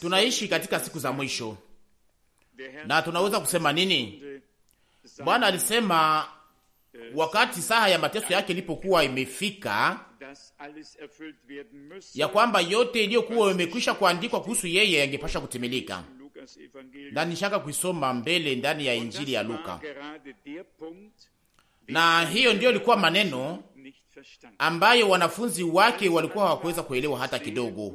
Tunaishi katika siku za mwisho na tunaweza kusema nini? Bwana alisema äh, wakati saha ya mateso yake ilipokuwa imefika, ya kwamba yote iliyokuwa imekwisha kuandikwa kuhusu yeye yangepasha kutimilika, na nishaka kuisoma mbele ndani ya Injili ya Luka, na hiyo ndiyo ilikuwa maneno ambayo wanafunzi wake walikuwa hawakuweza kuelewa hata kidogo.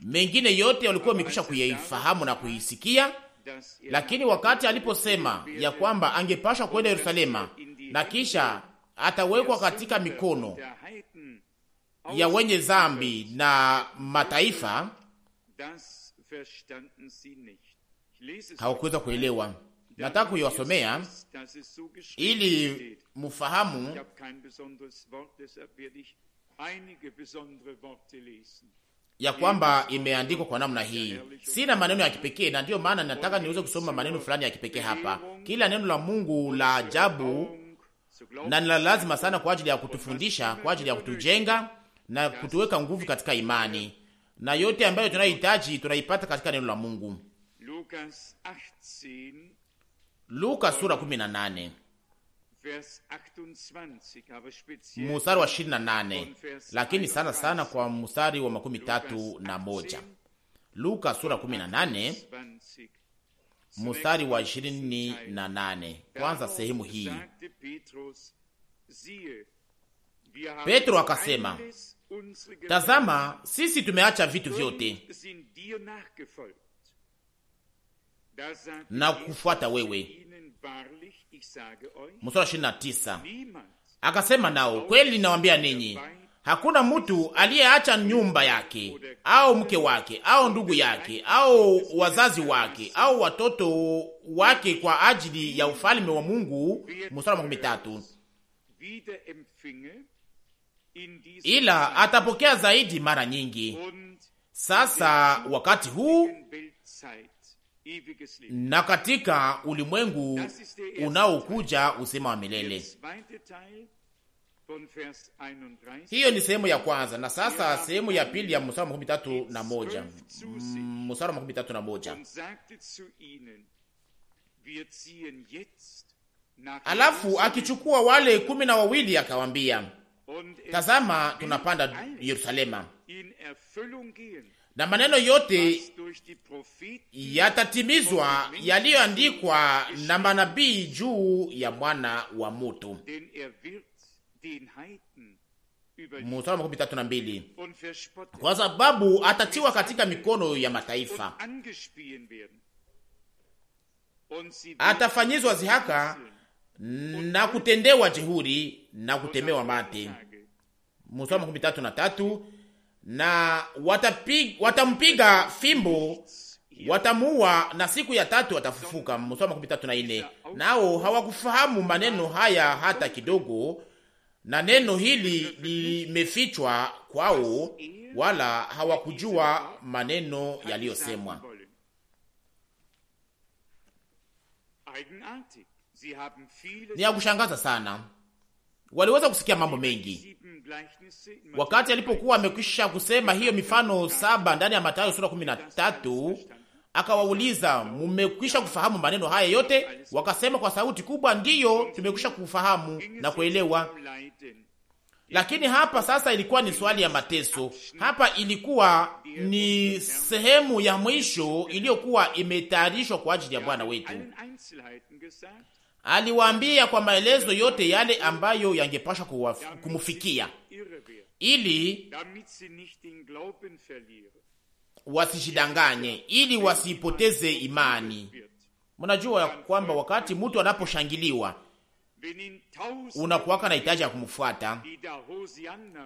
Mengine yote walikuwa wamekwisha kuyaifahamu na kuisikia, lakini wakati aliposema ya kwamba angepashwa kwenda Yerusalema na kisha atawekwa katika mikono ya wenye zambi na mataifa, hawakuweza kuelewa nataka kuiwasomea ili mufahamu ya kwamba imeandikwa kwa namna hii. Sina maneno ya kipekee, na ndiyo maana nataka niweze kusoma maneno fulani ya kipekee hapa. Kila neno la Mungu la ajabu na ni lazima sana kwa ajili ya kutufundisha, kwa ajili ya kutujenga na kutuweka nguvu katika imani, na yote ambayo tunahitaji tunaipata katika neno la Mungu. Luka sura 18 Musari wa 28, lakini sana sana kwa musari wa makumi tatu na moja. Luka sura 18 musari wa 28, kwanza sehemu hii. Petro akasema, tazama, sisi tumeacha vitu vyote na kufuata wewe. Mstari ishirini na tisa akasema nao, kweli nawambia ninyi, hakuna mtu aliyeacha nyumba yake au mke wake au ndugu yake au wazazi wake au watoto wake kwa ajili ya ufalme wa Mungu, mstari makumi tatu, ila atapokea zaidi mara nyingi. Sasa wakati huu na katika ulimwengu unaokuja uzima wa milele. Hiyo ni sehemu ya kwanza, na sasa sehemu ya pili ya mstari mm, makumi tatu na moja mstari makumi tatu na moja alafu akichukua wale kumi na wawili akawambia, er tazama tunapanda Yerusalema na maneno yote yatatimizwa yaliyoandikwa na manabii juu ya mwana wa mutu. Er Kwa sababu atatiwa katika mikono ya mataifa, atafanyizwa zihaka na kutendewa jehuri na kutemewa mate. Mstari makumi tatu na tatu na watapig, watampiga fimbo, watamuua na siku ya tatu watafufuka. Mstari makumi tatu na ine. Nao hawakufahamu maneno haya hata kidogo, na neno hili limefichwa kwao, wala hawakujua maneno yaliyosemwa. Ni ya kushangaza sana, waliweza kusikia mambo mengi Wakati alipokuwa amekwisha kusema hiyo mifano saba ndani ya Mathayo sura 13, akawauliza mumekwisha kufahamu maneno haya yote? Wakasema kwa sauti kubwa, ndiyo, tumekwisha kufahamu na kuelewa. Lakini hapa sasa ilikuwa ni swali ya mateso. Hapa ilikuwa ni sehemu ya mwisho iliyokuwa imetayarishwa kwa ajili ya Bwana wetu aliwaambia kwa maelezo yote yale ambayo yangepasha kumfikia ili wasijidanganye, ili wasipoteze imani. Mnajua kwamba wakati mtu anaposhangiliwa unakuwaka na hitaji ya kumfuata,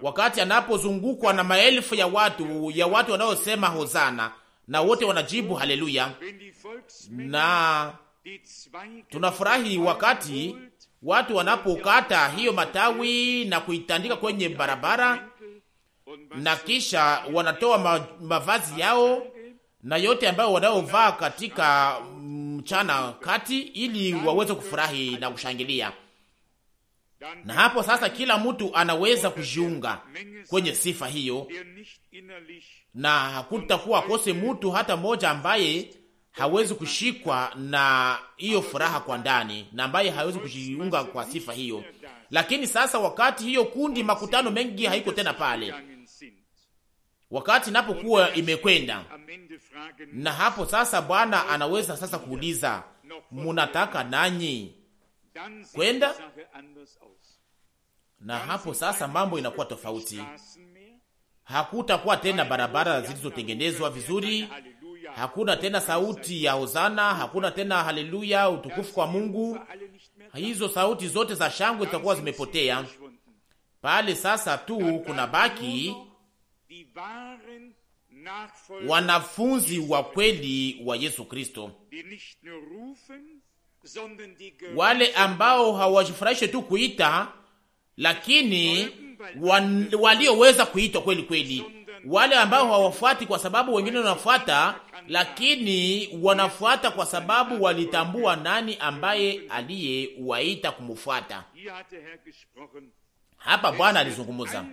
wakati anapozungukwa na maelfu ya watu ya watu wanaosema hozana na wote wanajibu haleluya na Tunafurahi wakati watu wanapokata hiyo matawi na kuitandika kwenye barabara na kisha wanatoa ma, mavazi yao na yote ambayo wanaovaa katika mchana kati, ili waweze kufurahi na kushangilia. Na hapo sasa, kila mtu anaweza kujiunga kwenye sifa hiyo, na hakutakuwa kose mtu hata mmoja ambaye hawezi kushikwa na hiyo furaha kwa ndani na ambaye hawezi kujiunga kwa sifa hiyo. Lakini sasa wakati hiyo kundi makutano mengi haiko tena pale, wakati napokuwa imekwenda na hapo sasa, Bwana anaweza sasa kuuliza munataka nanyi kwenda? Na hapo sasa mambo inakuwa tofauti. Hakutakuwa tena barabara zilizotengenezwa vizuri Hakuna tena sauti ya hozana, hakuna tena haleluya, utukufu kwa Mungu. Hizo sauti zote za shangwe zitakuwa zimepotea. Pale sasa tu kuna baki wanafunzi wa kweli wa Yesu Kristo, wale ambao hawajifurahishe tu kuita, lakini walioweza kuitwa kweli kweli wale ambao hawafuati kwa sababu wengine wanafuata, lakini wanafuata kwa sababu walitambua nani ambaye aliyewaita kumfuata. Hapa Bwana alizungumza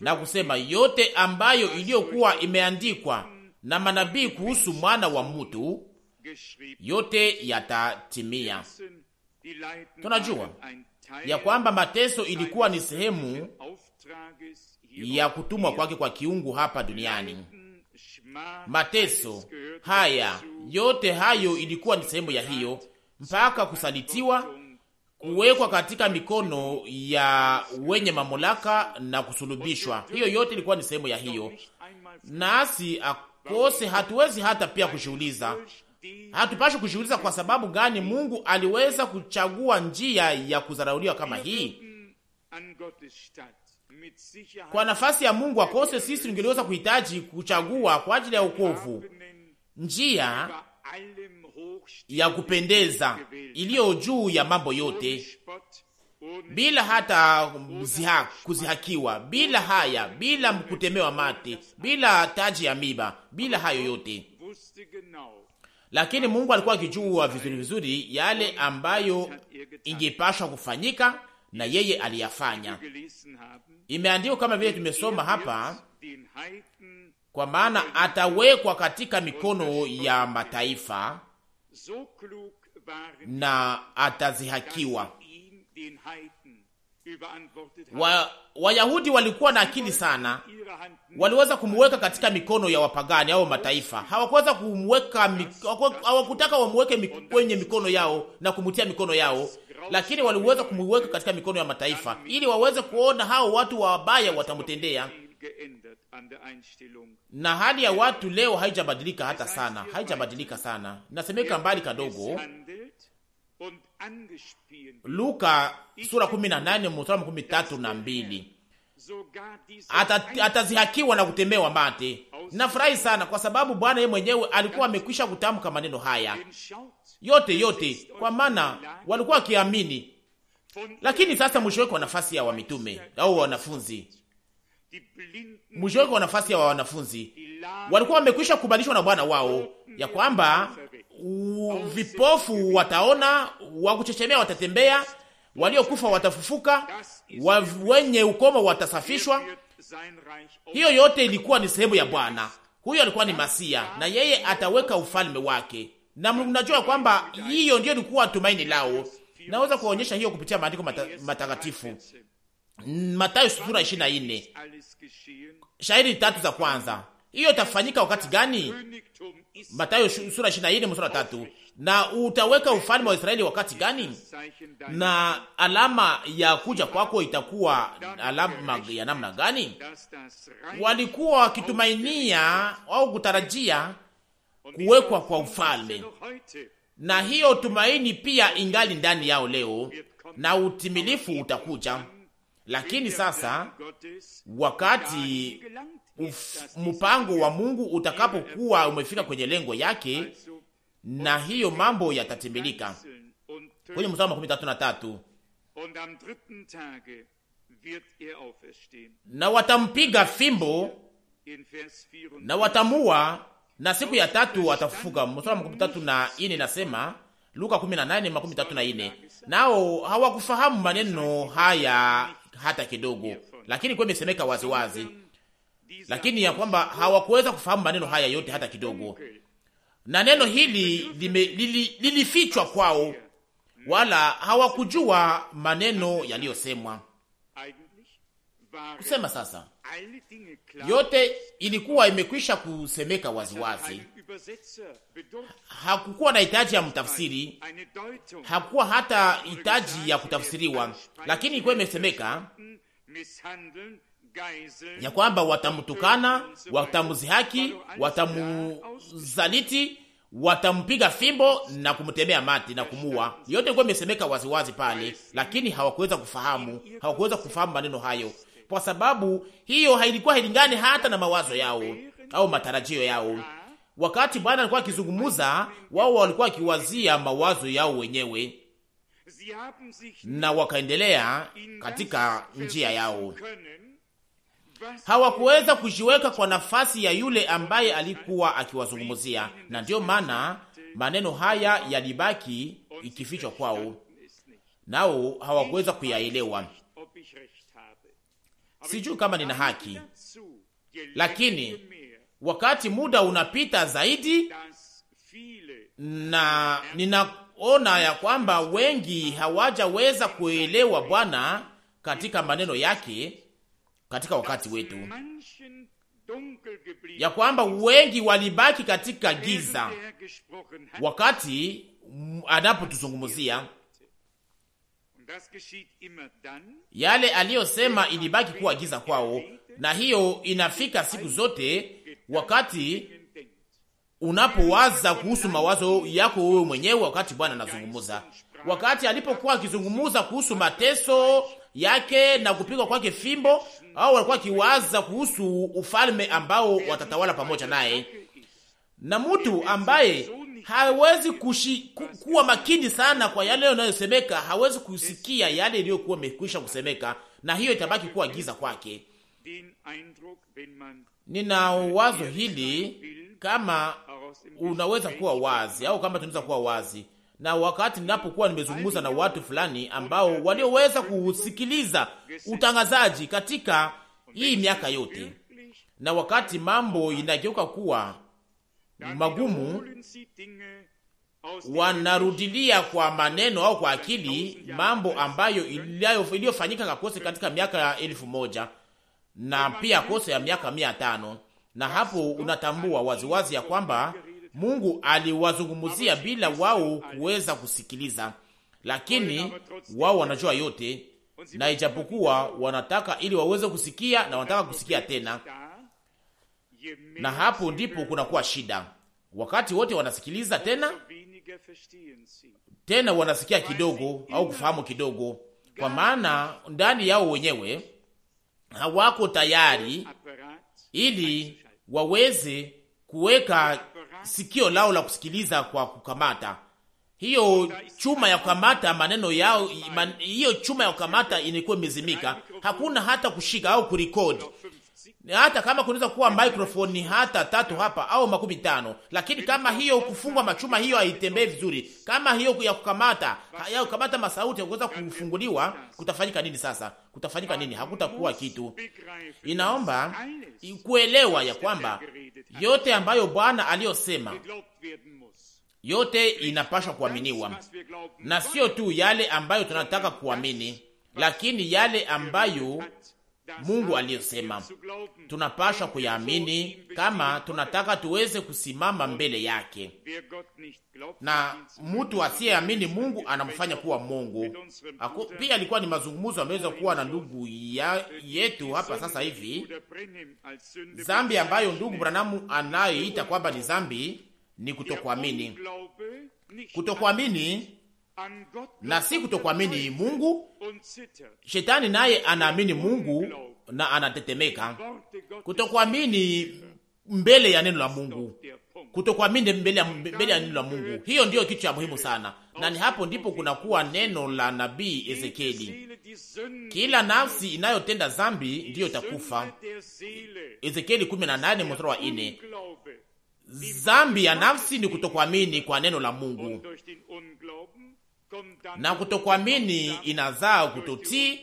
na kusema yote ambayo iliyokuwa imeandikwa na manabii kuhusu mwana wa mtu, yote yatatimia. Tunajua ya kwamba mateso ilikuwa ni sehemu ya kutumwa kwake kwa kiungu hapa duniani. Mateso haya yote hayo ilikuwa ni sehemu ya hiyo, mpaka kusalitiwa, kuwekwa katika mikono ya wenye mamlaka na kusulubishwa. Hiyo yote ilikuwa ni sehemu ya hiyo, nasi akose, hatuwezi hata pia kushughuliza hatupashi kushughuliza. Kwa sababu gani Mungu aliweza kuchagua njia ya kuzarauliwa kama hii? Kwa nafasi ya Mungu akose, sisi tungeliweza kuhitaji kuchagua kwa ajili ya wokovu njia ya kupendeza iliyo juu ya mambo yote, bila hata mziha, kuzihakiwa, bila haya, bila kutemewa mate, bila taji ya miba, bila hayo yote. Lakini Mungu alikuwa akijua vizuri vizuri yale ambayo ingepashwa kufanyika na yeye aliyafanya. Imeandikwa kama vile tumesoma hapa, kwa maana atawekwa katika mikono ya mataifa na atazihakiwa wa, Wayahudi walikuwa na akili sana, waliweza kumweka katika mikono ya wapagani au mataifa. Hawakuweza kumweka, hawakutaka wamweke kwenye mikono yao na kumtia mikono yao, lakini waliweza kumweka katika mikono ya mataifa ili waweze kuona hao watu wabaya watamtendea. Na hali ya watu leo haijabadilika hata sana, haijabadilika sana, nasemeka mbali kadogo Luka sura 18 mstari makumi tatu na mbili. Ata, atazihakiwa na kutemewa mate. Nafurahi sana kwa sababu Bwana yeye mwenyewe alikuwa amekwisha kutamka maneno haya yote yote, kwa maana walikuwa wakiamini. Lakini sasa mwishowe, kwa nafasi ya wamitume au wanafunzi, mwishowe, kwa nafasi ya wanafunzi, walikuwa wamekwisha kukubalishwa na Bwana wao ya kwamba vipofu wataona, wa kuchechemea watatembea, waliokufa watafufuka, wa wenye ukomo watasafishwa. Hiyo yote ilikuwa ni sehemu ya Bwana. Huyo alikuwa ni Masia na yeye ataweka ufalme wake, na mnajua kwamba hiyo ndiyo ilikuwa tumaini lao. Naweza kuonyesha hiyo kupitia maandiko mata, matakatifu Mathayo sura 24 shahiri tatu za kwanza hiyo itafanyika wakati gani? Mathayo sura 24 mstari wa Na utaweka ufalme wa Israeli wakati gani? Na alama ya kuja kwako itakuwa alama ya namna gani? Walikuwa wakitumainia au kutarajia kuwekwa kwa ufalme, na hiyo tumaini pia ingali ndani yao leo, na utimilifu utakuja lakini sasa wakati uf, mpango wa Mungu utakapokuwa umefika kwenye lengo yake, na hiyo mambo yatatimilika. Kwenye mstari wa makumi tatu na tatu er na watampiga fimbo na watamua, na siku ya tatu watafufuka. Mstari wa makumi tatu na ine nasema Luka 18 makumi tatu na ine. Nao hawakufahamu maneno haya hata kidogo, lakini kwa imesemeka waziwazi, lakini ya kwamba hawakuweza kufahamu maneno haya yote hata kidogo, na neno hili lilifichwa lili kwao, mm. wala hawakujua maneno yaliyosemwa. Kusema sasa, yote ilikuwa imekwisha kusemeka waziwazi wazi hakukuwa na hitaji ya mtafsiri, hakukuwa hata hitaji ya kutafsiriwa, lakini ilikuwa imesemeka ya kwamba watamtukana, watamzihaki, watamzaliti, watampiga fimbo na kumtemea mati na kumua. Yote ilikuwa imesemeka waziwazi pale, lakini hawakuweza kufahamu, hawakuweza kufahamu maneno hayo, kwa sababu hiyo hailikuwa hailingani hata na mawazo yao au matarajio yao. Wakati Bwana alikuwa akizungumuza, wao walikuwa wakiwazia mawazo yao wenyewe na wakaendelea katika njia yao. Hawakuweza kujiweka kwa nafasi ya yule ambaye alikuwa akiwazungumuzia, na ndiyo maana maneno haya yalibaki ikifichwa kwao, nao hawakuweza kuyaelewa. Sijui kama nina haki, lakini wakati muda unapita zaidi, na ninaona ya kwamba wengi hawajaweza kuelewa Bwana katika maneno yake katika wakati wetu, ya kwamba wengi walibaki katika giza wakati anapotuzungumzia yale aliyosema, ilibaki kuwa giza kwao, na hiyo inafika siku zote wakati unapowaza kuhusu mawazo yako wewe mwenyewe, wakati Bwana anazungumuza, wakati alipokuwa akizungumuza kuhusu mateso yake na kupigwa kwake fimbo, au walikuwa akiwaza kuhusu ufalme ambao watatawala pamoja naye. Na mtu ambaye hawezi kushi, ku, kuwa makini sana kwa yale yanayosemeka, hawezi kusikia yale iliyokuwa imekwisha kusemeka, na hiyo itabaki kuwa giza kwake. Nina wazo hili, kama unaweza kuwa wazi au kama tunaweza kuwa wazi, na wakati ninapokuwa nimezungumza na watu fulani ambao walioweza kusikiliza utangazaji katika hii miaka yote, na wakati mambo inageuka kuwa magumu wanarudilia kwa maneno au kwa akili mambo ambayo iliyofanyika kakose katika miaka ya elfu moja na pia kosa ya miaka mia tano na hapo unatambua waziwazi ya kwamba Mungu aliwazungumzia bila wao kuweza kusikiliza, lakini wao wanajua yote, na ijapokuwa wanataka ili waweze kusikia na wanataka kusikia tena, na hapo ndipo kunakuwa shida. Wakati wote wanasikiliza tena tena, wanasikia kidogo au kufahamu kidogo, kwa maana ndani yao wenyewe hawako tayari ili waweze kuweka sikio lao la kusikiliza kwa kukamata hiyo chuma ya kukamata maneno yao. Hiyo chuma ya kukamata inakuwa imezimika, hakuna hata kushika au kurekodi hata kama kunaweza kuwa mikrofoni hata tatu hapa au makumi tano, lakini kama hiyo kufungwa machuma hiyo haitembei vizuri, kama hiyo ya kukamata ya kukamata masauti kuweza kufunguliwa, kutafanyika nini sasa? Kutafanyika nini? Hakutakuwa kitu. Inaomba kuelewa ya kwamba yote ambayo Bwana aliyosema yote inapaswa kuaminiwa, na sio tu yale ambayo tunataka kuamini, lakini yale ambayo Mungu aliyosema. Tunapasha kuyaamini kama tunataka tuweze kusimama mbele yake, na mtu asiyeamini Mungu anamfanya kuwa Mungu. Aku, pia alikuwa ni mazungumzo ameweza kuwa na ndugu ya, yetu hapa sasa hivi, zambi ambayo ndugu Branamu anayoita kwamba ni zambi ni kutokuamini. Kutokuamini na si kutokuamini Mungu. Shetani naye anaamini Mungu na anatetemeka. Kutokuamini mbele ya neno la Mungu, kutokuamini mbele, mbele ya neno la Mungu, hiyo ndiyo kitu cha muhimu sana, na ni hapo ndipo kunakuwa neno la nabii Ezekieli, kila nafsi inayotenda zambi ndiyo itakufa. Ezekieli 18 mstari wa 4. Zambi ya nafsi ni kutokuamini kwa neno la Mungu na kutokwamini inazaa kutotii,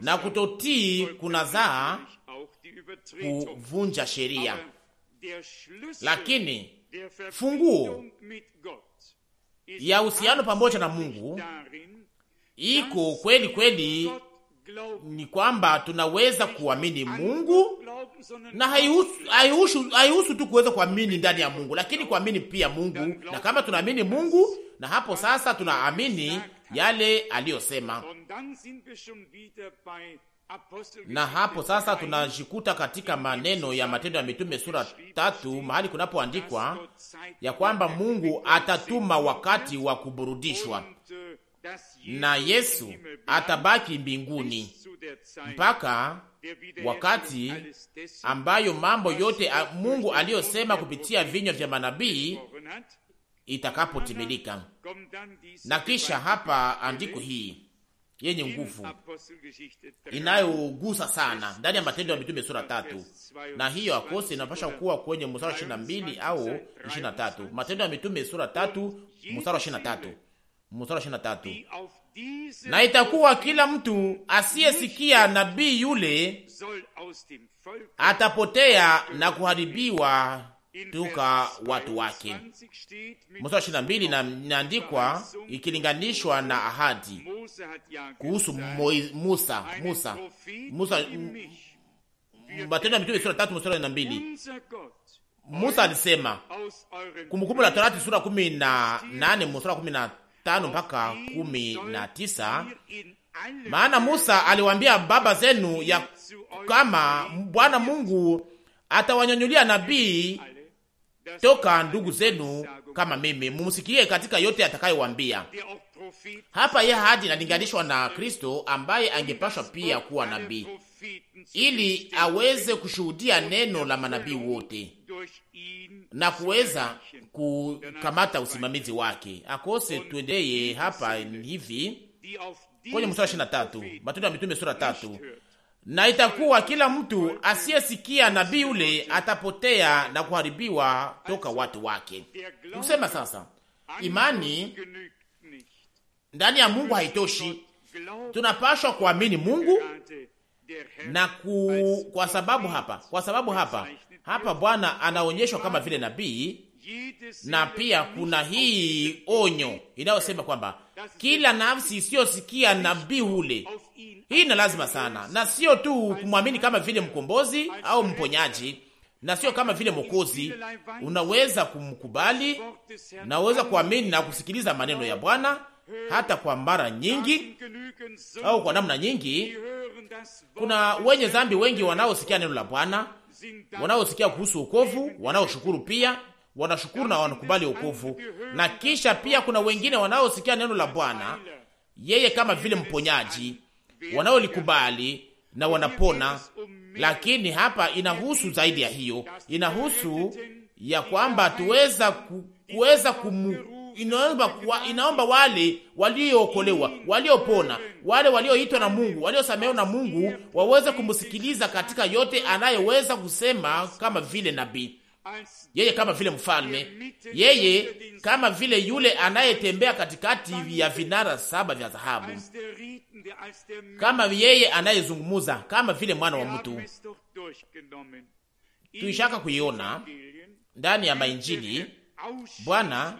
na kutotii kunazaa kuvunja sheria. Lakini funguo ya uhusiano pamoja na Mungu iko kweli kweli, ni kwamba tunaweza kuamini Mungu na haihusu tu kuweza kuamini ndani ya Mungu, lakini kuamini pia Mungu, na kama tunaamini Mungu na hapo sasa tunaamini yale aliyosema, na hapo sasa tunajikuta katika maneno ya Matendo ya Mitume sura tatu, mahali kunapoandikwa ya kwamba Mungu atatuma wakati wa kuburudishwa na Yesu atabaki mbinguni mpaka wakati ambayo mambo yote Mungu aliyosema kupitia vinywa vya manabii itakapotimilika. Na kisha hapa andiko hii yenye nguvu inayogusa sana ndani ya Matendo ya Mitume sura tatu, na hiyo akose inapasha kuwa kwenye mstari wa ishirini na mbili au ishirini na tatu. Matendo ya Mitume sura tatu mstari wa ishirini na tatu, mstari wa ishirini na tatu: na itakuwa kila mtu asiyesikia nabii yule atapotea na kuharibiwa tuka watu wake. Mstari wa ishirini na mbili inaandikwa ikilinganishwa na ahadi kuhusu Musa. Musa, Musa, mm, Matendo ya Mitume sura tatu mstari na mbili Musa alisema, Kumbukumbu la Torati sura kumi na nane mstari kumi na tano mpaka kumi na tisa maana Musa aliwaambia baba zenu ya kama Bwana Mungu atawanyanyulia nabii toka ndugu zenu kama mimi, mumsikie katika yote atakayowambia. Hapa ye hadi nalinganishwa na Kristo ambaye angepashwa pia kuwa nabii ili aweze kushuhudia neno la manabii wote na kuweza kukamata usimamizi wake. Akose tuendeye hapa hivi kwenye mstari wa ishirini na tatu Matendo ya Mitume sura tatu na itakuwa kila mtu asiyesikia nabii ule atapotea na kuharibiwa toka watu wake. Kusema sasa, imani ndani ya Mungu haitoshi. Tunapashwa kuamini Mungu na ku, kwa sababu hapa, kwa sababu hapa hapa Bwana anaonyeshwa kama vile nabii na pia kuna hii onyo inayosema kwamba kila nafsi isiyosikia nabii hule, hii na lazima sana, na sio tu kumwamini kama vile mkombozi au mponyaji, na sio kama vile Mwokozi. Unaweza kumkubali, unaweza kuamini na kusikiliza maneno ya Bwana hata kwa mara nyingi au kwa namna nyingi. Kuna wenye dhambi wengi wanaosikia neno la Bwana, wanaosikia kuhusu wokovu, wanaoshukuru pia wanashukuru na wanakubali wokovu. Na kisha pia kuna wengine wanaosikia neno la Bwana, yeye kama vile mponyaji, wanaolikubali na wanapona. Lakini hapa inahusu zaidi ya hiyo, inahusu ya kwamba tuweza ku, kuweza kumu inaomba, inaomba wale waliookolewa, waliopona, wale walioitwa na Mungu, waliosamehewa na Mungu waweze kumsikiliza katika yote anayeweza kusema kama vile nabii yeye kama vile mfalme, yeye kama vile yule anayetembea katikati ya vinara saba vya dhahabu, kama yeye anayezungumuza kama vile mwana wa mtu. Tuishaka kuiona ndani ya mainjili Bwana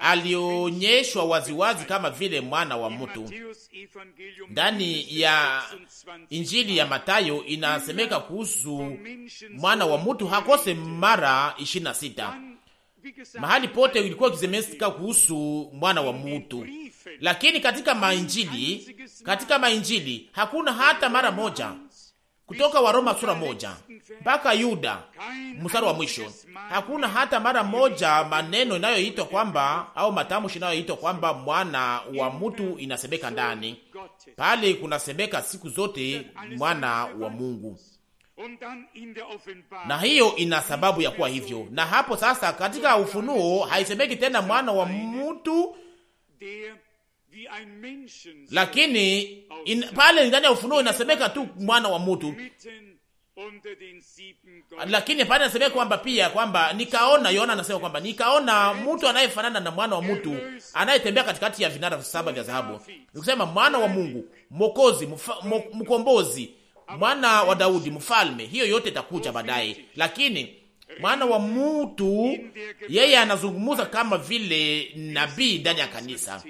alionyeshwa waziwazi kama vile mwana wa mtu. Ndani ya Injili ya Matayo inasemeka kuhusu mwana wa mtu hakose mara ishirini na sita. Mahali pote ilikuwa ikisemeka kuhusu mwana wa mtu, lakini katika mainjili, katika mainjili hakuna hata mara moja kutoka Waroma sura moja mpaka Yuda mstari wa mwisho, hakuna hata mara moja maneno inayoitwa kwamba au matamshi inayoitwa kwamba mwana wa mtu inasemeka ndani pale, kunasemeka siku zote mwana wa Mungu, na hiyo ina sababu ya kuwa hivyo. Na hapo sasa, katika Ufunuo haisemeki tena mwana wa mtu lakini in, pale ndani ya Ufunuo inasemeka tu mwana wa mutu, lakini pale inasemeka kwamba pia kwamba nikaona, Yohana anasema kwamba nikaona mtu anayefanana na mwana wa mutu anayetembea katikati ya vinara saba vya dhahabu, nikusema mwana wa Mungu, Mwokozi, mkombozi, mwana wa Daudi, mfalme. Hiyo yote itakuja baadaye, lakini mwana wa mutu yeye anazungumza kama vile nabii ndani ya kanisa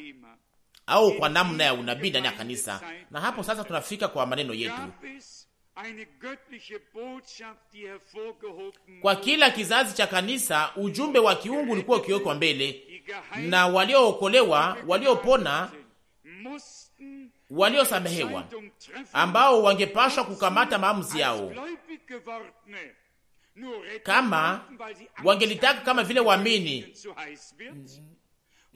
au kwa namna ya unabii ndani ya kanisa. Na hapo sasa tunafika kwa maneno yetu. Kwa kila kizazi cha kanisa ujumbe wa kiungu ulikuwa ukiwekwa mbele, na waliookolewa, waliopona, waliosamehewa, ambao wangepashwa kukamata maamuzi yao kama wangelitaka, kama vile waamini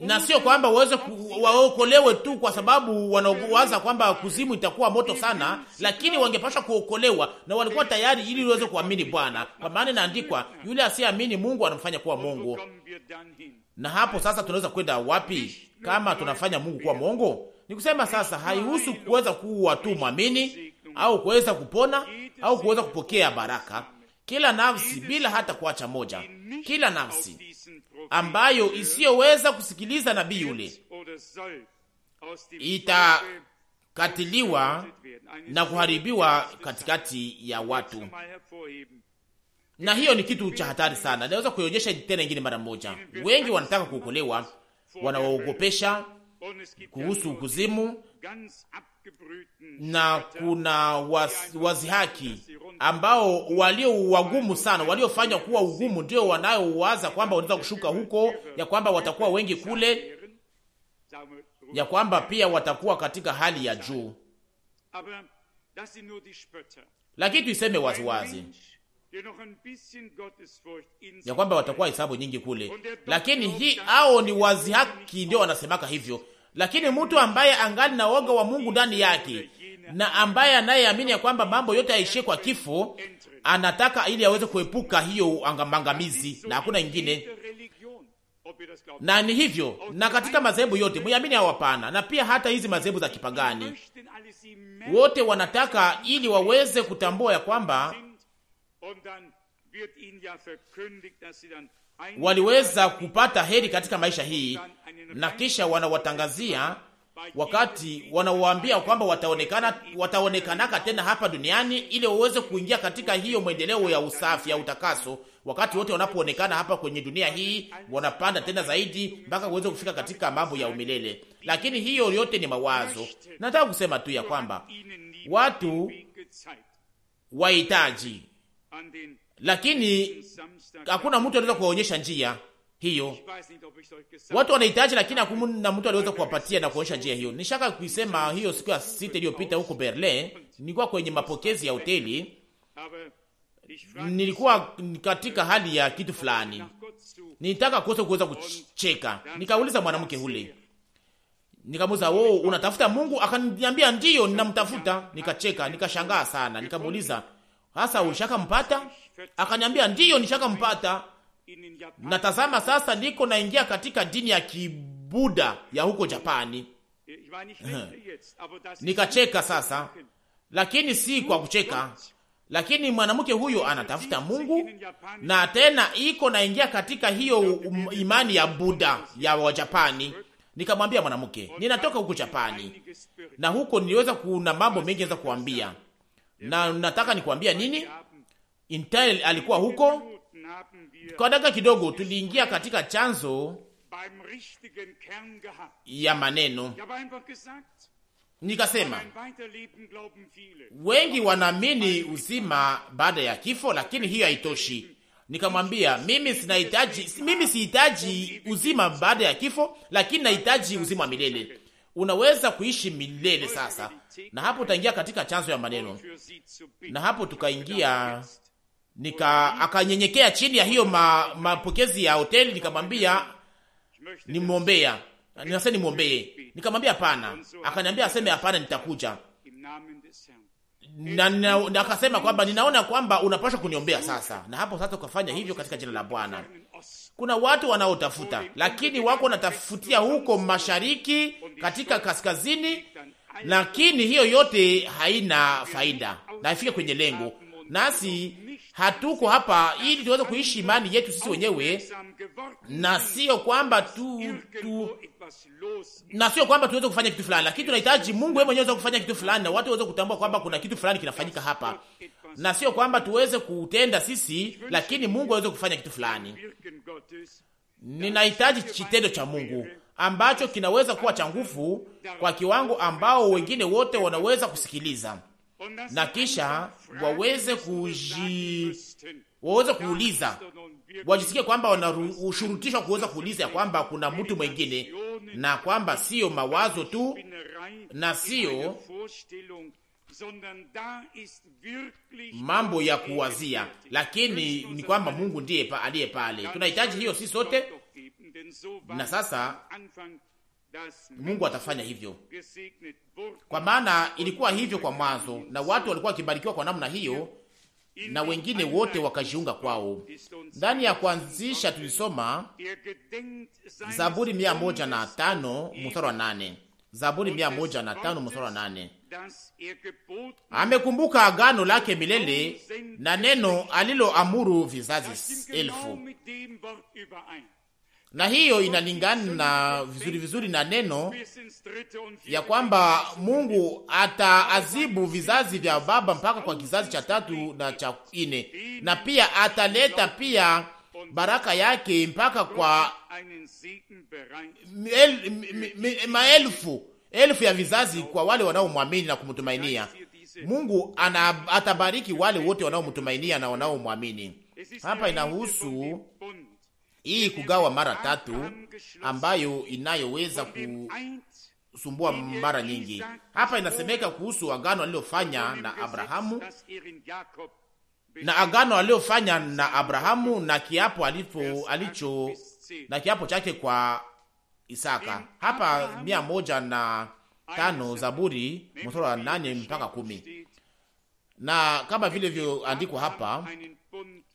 na sio kwamba waweze waokolewe tu kwa sababu wanawaza kwamba kuzimu itakuwa moto sana, lakini wangepashwa kuokolewa na walikuwa tayari, ili waweze kuamini Bwana, kwa maana inaandikwa, yule asiyeamini Mungu anamfanya kuwa Mungu. Na hapo sasa tunaweza kwenda wapi kama tunafanya Mungu kuwa Mungu? Ni kusema sasa haihusu kuweza kuwa tu mwamini au kuweza kupona au kuweza kupokea baraka. Kila nafsi bila hata kuacha moja, kila nafsi ambayo isiyoweza kusikiliza nabii yule itakatiliwa na kuharibiwa katikati ya watu, na hiyo ni kitu cha hatari sana. Naweza kuionyesha tena ingine mara moja. Wengi wanataka kuokolewa, wanawaogopesha kuhusu kuzimu na kuna wazi haki ambao walio wagumu sana, waliofanywa kuwa ugumu, ndio wanayowaza kwamba wanaweza kushuka huko, ya kwamba watakuwa wengi kule, ya kwamba pia watakuwa katika hali ya juu. Lakini tuiseme waziwazi ya kwamba watakuwa hesabu nyingi kule, lakini hii ao ni wazihaki ndio wanasemaka hivyo lakini mtu ambaye angali na woga wa Mungu ndani yake na ambaye anayeamini ya kwamba mambo yote yaishie kwa kifo, anataka ili aweze kuepuka hiyo angamangamizi, na hakuna ingine. Na ni hivyo na katika madhehebu yote muamini au hapana, na pia hata hizi madhehebu za kipagani wote wanataka ili waweze kutambua ya kwamba waliweza kupata heri katika maisha hii, na kisha wanawatangazia wakati wanawaambia kwamba wataonekana wataonekanaka tena hapa duniani ili waweze kuingia katika hiyo mwendeleo ya usafi ya utakaso. Wakati wote wanapoonekana hapa kwenye dunia hii, wanapanda tena zaidi mpaka kuweza kufika katika mambo ya umilele. Lakini hiyo yote ni mawazo. Nataka kusema tu ya kwamba watu wahitaji lakini hakuna mtu aliweza kuwaonyesha njia hiyo. Watu wanahitaji, lakini hakuna mtu aliweza kuwapatia na kuonyesha njia hiyo. Nishaka kuisema hiyo siku ya sita iliyopita huko Berlin, nilikuwa kwenye mapokezi ya hoteli, nilikuwa katika hali ya kitu fulani, nilitaka kosa kuweza kucheka. Nikauliza mwanamke ule, nikamuuliza wewe, oh, unatafuta Mungu? Akaniambia ndiyo, ninamtafuta. Nikacheka, nikashangaa sana, nikamuuliza hasa ulishaka mpata? Akaniambia, ndiyo, nishakampata na tazama, sasa niko naingia katika dini ya Kibuda ya huko Japani. Nikacheka sasa, lakini si kwa kucheka lakini mwanamke huyo anatafuta Mungu na tena iko naingia katika hiyo um, imani ya buda ya Wajapani. Nikamwambia mwanamke, ninatoka huko Japani na huko niliweza kuna mambo mengi naweza kuambia, na nataka nikuambia nini, Intel alikuwa huko kwa dakika kidogo. Tuliingia katika chanzo ya maneno, nikasema wengi wanaamini uzima baada ya kifo, lakini hiyo haitoshi. Nikamwambia mimi sinahitaji, mimi sihitaji uzima baada ya kifo, lakini nahitaji uzima wa milele. Unaweza kuishi milele sasa, na hapo utaingia katika chanzo ya maneno, na hapo tukaingia nika akanyenyekea chini ya hiyo ma, mapokezi ya hoteli, nikamwambia nimwombea, ninasema nimwombee, nikamwambia hapana. Akaniambia aseme hapana, nitakuja na, na, na akasema kwamba ninaona kwamba unapaswa kuniombea sasa, na hapo sasa ukafanya hivyo katika jina la Bwana. Kuna watu wanaotafuta, lakini wako wanatafutia huko mashariki, katika kaskazini, lakini hiyo yote haina faida na ifike kwenye lengo. Nasi hatuko hapa ili tuweze kuishi imani yetu sisi wenyewe, na sio kwamba tu, tu, na sio kwamba tuweze kufanya kitu fulani, lakini tunahitaji Mungu yeye mwenyewe aweze kufanya kitu fulani na watu waweze kutambua kwamba kuna kitu fulani kinafanyika hapa, na sio kwamba tuweze kutenda sisi, lakini Mungu aweze kufanya kitu fulani. Ninahitaji kitendo cha Mungu ambacho kinaweza kuwa cha nguvu kwa kiwango ambao wengine wote wanaweza kusikiliza na kisha waweze kuji waweze kuuliza, wajisikie kwamba wanashurutishwa kuweza kuuliza ya kwamba kuna mtu mwengine, na kwamba sio mawazo tu na sio mambo ya kuwazia, lakini ni kwamba Mungu ndiye aliye pale. Tunahitaji hiyo si sote. Na sasa Mungu atafanya hivyo, kwa maana ilikuwa hivyo kwa mwanzo, na watu walikuwa wakibarikiwa kwa namna hiyo na wengine wote wakajiunga kwao. Ndani ya kuanzisha tulisoma er Zaburi mia moja na tano mstari wa nane. Zaburi mia moja na tano mstari wa nane. Er Amekumbuka agano lake milele na neno aliloamuru vizazi elfu na hiyo inalingana vizuri vizuri na neno ya kwamba Mungu ataazibu vizazi vya baba mpaka kwa kizazi cha tatu na cha nne, na pia ataleta pia baraka yake mpaka kwa maelfu elfu ya vizazi kwa wale wanaomwamini na kumtumainia Mungu. Ana, atabariki wale wote wanaomtumainia na wanaomwamini. Hapa inahusu hii kugawa mara tatu ambayo inayoweza kusumbua mara nyingi. Hapa inasemeka kuhusu agano aliyofanya na Abrahamu na agano aliyofanya na Abrahamu na kiapo alipo alicho na kiapo chake kwa Isaka. Hapa mia moja na tano Zaburi mstari wa nane mpaka kumi na kama vile vyoandikwa hapa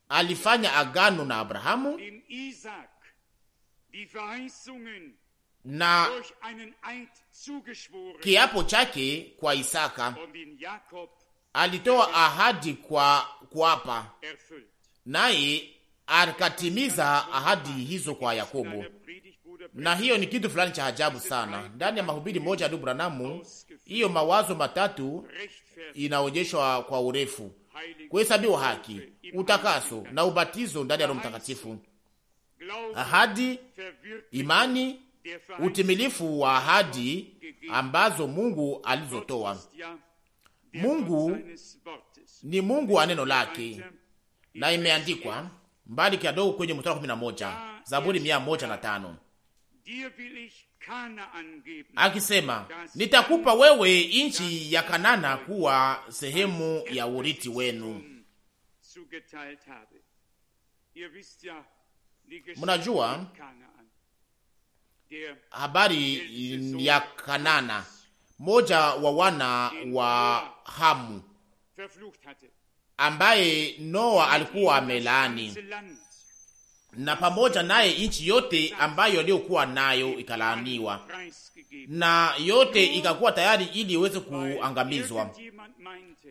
alifanya agano na Abrahamu na kiapo chake kwa Isaka alitoa ahadi kwa kuapa, naye akatimiza ahadi hizo kwa Yakobo. Na hiyo ni kitu fulani cha ajabu sana. Ndani ya mahubiri moja ya Ndugu Branamu, hiyo mawazo matatu inaonyeshwa kwa urefu kuhesabiwa haki, utakaso na ubatizo ndani ya Roho Mtakatifu, ahadi, imani, utimilifu wa ahadi ambazo Mungu alizotoa. Mungu ni Mungu wa neno lake, na imeandikwa mbali kidogo kwenye mstari wa 11 Zaburi 15 akisema, nitakupa wewe nchi ya Kanana kuwa sehemu ya urithi wenu. Mnajua habari ya Kanana, moja wa wana wa Hamu ambaye Noa alikuwa amelaani na pamoja naye nchi yote ambayo aliyokuwa nayo ikalaaniwa, na yote ikakuwa tayari ili iweze kuangamizwa.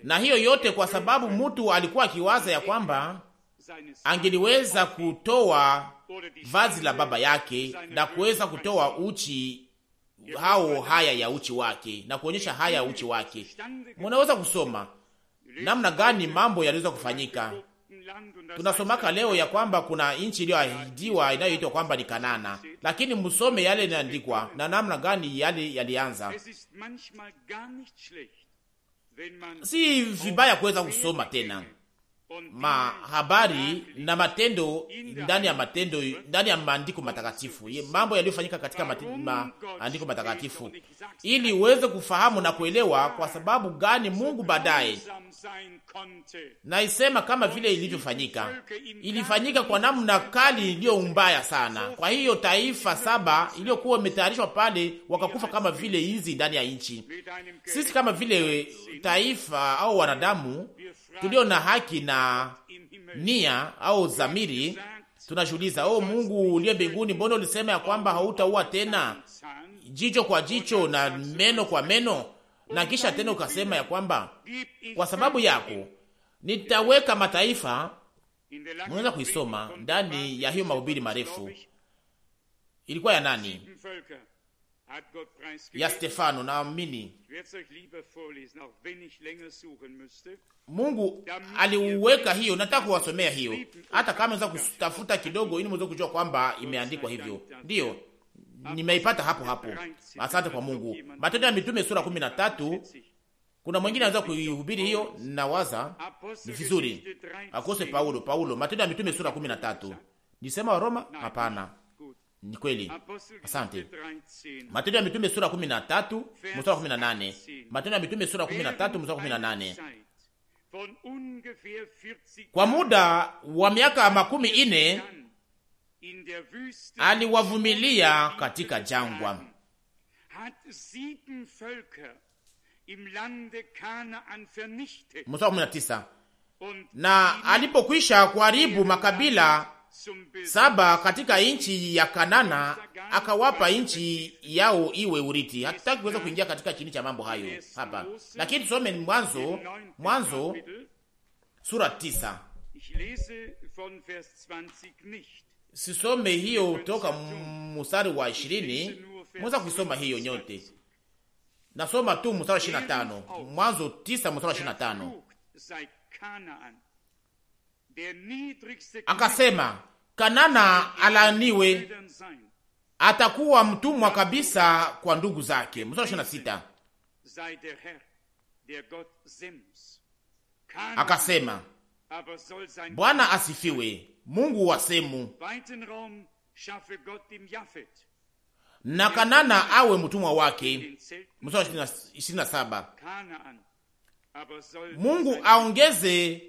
Na hiyo yote kwa sababu mtu alikuwa akiwaza ya kwamba angeliweza kutoa vazi la baba yake na kuweza kutoa uchi hao haya ya uchi wake na kuonyesha haya ya uchi wake. Munaweza kusoma namna gani mambo yaliweza kufanyika tunasomaka leo ya kwamba kuna nchi iliyoahidiwa inayoitwa kwamba ni Kanana, lakini musome yale inaandikwa na namna gani yale yalianza. Si vibaya kuweza kusoma tena mahabari na matendo ndani ya matendo ndani ya maandiko matakatifu, mambo yaliyofanyika katika maandiko matakatifu, ili uweze kufahamu na kuelewa kwa sababu gani Mungu baadaye naisema kama vile ilivyofanyika. Ilifanyika kwa namna kali iliyo mbaya sana. Kwa hiyo taifa saba iliyokuwa imetayarishwa pale wakakufa kama vile hizi ndani ya nchi. Sisi kama vile taifa au wanadamu tulio na haki na nia au zamiri tunajiuliza, oh, Mungu uliye mbinguni, mbona ulisema ya kwamba hautaua tena jicho kwa jicho na meno kwa meno, na kisha tena ukasema ya kwamba kwa sababu yako nitaweka mataifa. Mnaweza kuisoma ndani ya hiyo mahubiri marefu, ilikuwa ya nani? ya Stefano. Naamini Mungu aliuweka hiyo. Nataka kuwasomea hiyo, hata kama unaweza kutafuta kidogo, ili mweze kujua kwamba imeandikwa hivyo. Ndiyo, nimeipata hapo hapo. Asante kwa Mungu. Matendo ya Mitume sura kumi na tatu. Kuna mwingine anaweza kuihubiri hiyo, nawaza ni vizuri akose. Paulo, Paulo, Matendo ya Mitume sura kumi na tatu. Nisema wa Roma? Hapana. Ni kweli. Asante. Matendo ya Mitume sura 13 mstari wa 18. Matendo ya Mitume sura 13 mstari wa 18. Kwa muda wa miaka makumi ine aliwavumilia katika jangwa. Mstari wa 19. Na alipokwisha kuharibu makabila saba katika nchi ya Kanana akawapa nchi yao iwe urithi. Hatutaki kuweza kuingia katika chini cha mambo hayo hapa, lakini tusome Mwanzo, Mwanzo sura tisa. Sisome hiyo toka mstari wa ishirini, mweza kuisoma hiyo nyote. Nasoma tu mstari wa ishirini na tano, Mwanzo tisa mstari wa ishirini na tano akasema, Kanana alaniwe atakuwa mtumwa kabisa kwa ndugu zake. Mstari sita akasema, Bwana asifiwe, Mungu wa Semu, na Kanana awe mtumwa wake. Mstari ishirini na saba Mungu aongeze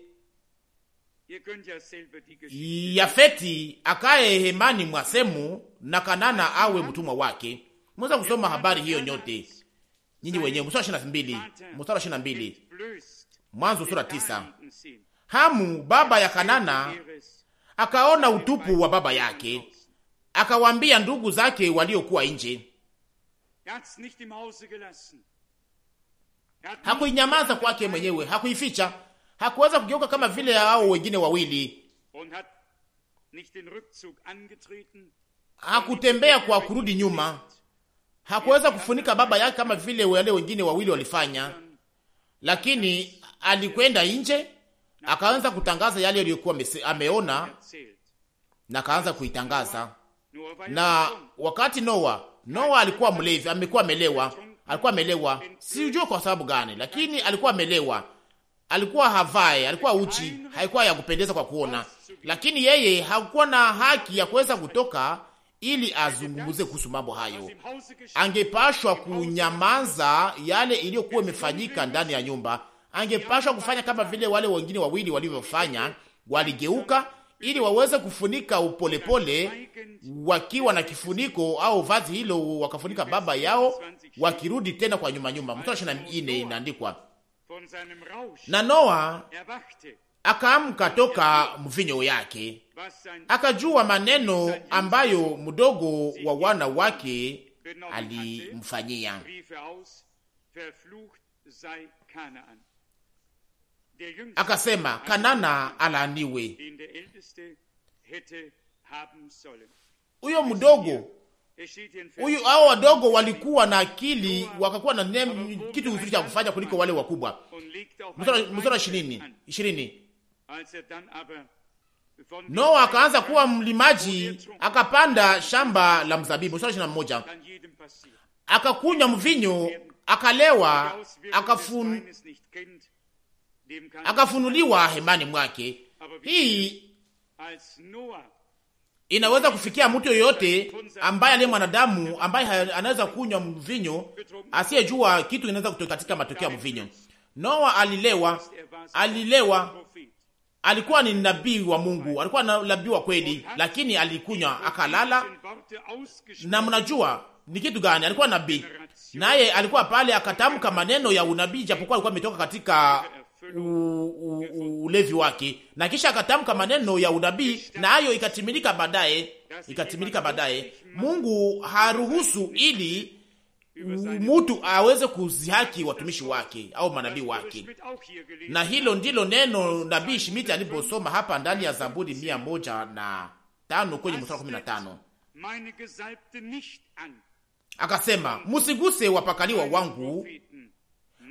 Yafeti akaye hemani mwa Semu na Kanana awe mtumwa wake. Mweza kusoma habari hiyo nyote nyinyi wenyewe, mstari wa 22, mstari wa 22, Mwanzo sura 9. Hamu baba ya Kanana akaona utupu wa baba yake, akawaambia ndugu zake waliokuwa nje. Hakuinyamaza kwake mwenyewe, hakuificha hakuweza kugeuka kama vile hao wengine wawili, hakutembea kwa kurudi nyuma, hakuweza kufunika baba yake kama vile wale wengine wawili walifanya, lakini alikwenda nje akaanza kutangaza yale aliyokuwa ameona na akaanza kuitangaza. Na wakati Noa, Noa alikuwa mlevi, amekuwa amelewa, alikuwa amelewa, sijua kwa sababu gani, lakini alikuwa amelewa alikuwa havae, alikuwa uchi, haikuwa ya kupendeza kwa kuona, lakini yeye hakuwa na haki ya kuweza kutoka ili azungumuze kuhusu mambo hayo. Angepashwa kunyamaza yale iliyokuwa imefanyika ndani ya nyumba. Angepashwa kufanya kama vile wale wengine wawili walivyofanya, waligeuka ili waweze kufunika upolepole, wakiwa na kifuniko au vazi hilo, wakafunika baba yao, wakirudi tena kwa nyuma nyuma. Mstari ishirini na nne inaandikwa na Noa er akaamka toka mvinyo yake, akajua maneno ambayo mdogo wa wana wake alimfanyia. Er Akasema, Kanana alaaniwe. Huyo mdogo huyu hao wadogo walikuwa na akili, wakakuwa na nem, kitu kizuri cha kufanya kuliko wale wakubwa. Mstari ishirini ishirini Noa akaanza kuwa mlimaji, akapanda shamba la mzabibu. Mstari ishirini na moja akakunywa mvinyo, akalewa, akafun akafunuliwa hemani mwake. Hii inaweza kufikia mtu yoyote ambaye aliye mwanadamu ambaye anaweza kunywa mvinyo asiyejua kitu inaweza kutoka katika matokeo ya mvinyo. Noa alilewa, alilewa, alikuwa ni nabii wa Mungu, alikuwa nabii wa kweli, lakini alikunywa akalala. Na mnajua ni kitu gani? Alikuwa nabii, naye alikuwa pale akatamka maneno ya unabii, japokuwa alikuwa ametoka katika ulevi wake, na kisha akatamka maneno ya unabii, na hayo ikatimilika baadaye, ikatimilika baadaye. Mungu haruhusu ili mtu aweze kuzihaki watumishi wake au manabii wake, na hilo ndilo neno nabii Shimiti aliposoma hapa ndani ya Zaburi mia moja na tano kwenye mstari kumi na tano akasema, musiguse wapakaliwa wangu,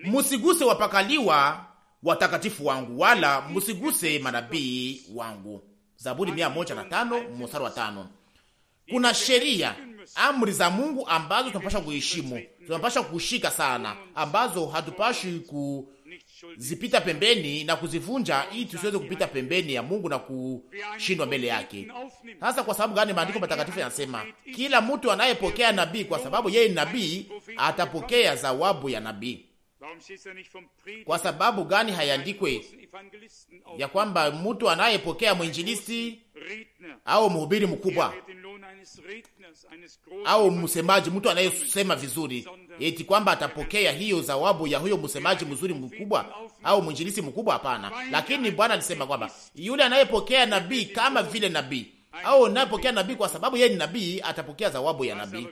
musiguse wapakaliwa watakatifu wangu, wala msiguse manabii wangu. Zaburi mia moja na tano mstari wa tano. Kuna sheria amri za Mungu ambazo tunapasha kuheshimu, tunapasha kushika sana, ambazo hatupashi kuzipita pembeni na kuzivunja, ili tusiweze kupita pembeni ya Mungu na kushindwa mbele yake. Sasa kwa sababu gani? Maandiko matakatifu yanasema kila mtu anayepokea nabii, kwa sababu yeye ni nabii, atapokea zawabu ya nabii. Er Kwa sababu gani hayandikwe ya kwamba mtu anayepokea mwinjilisti au mhubiri mkubwa au msemaji, mtu anayesema vizuri, eti kwamba atapokea hiyo zawabu ya huyo msemaji mzuri mkubwa au mwinjilisti mkubwa? Hapana, lakini Bwana alisema kwamba yule anayepokea nabii kama vile nabii au napokea nabii, kwa sababu yeye ni nabii, atapokea zawabu ya nabii.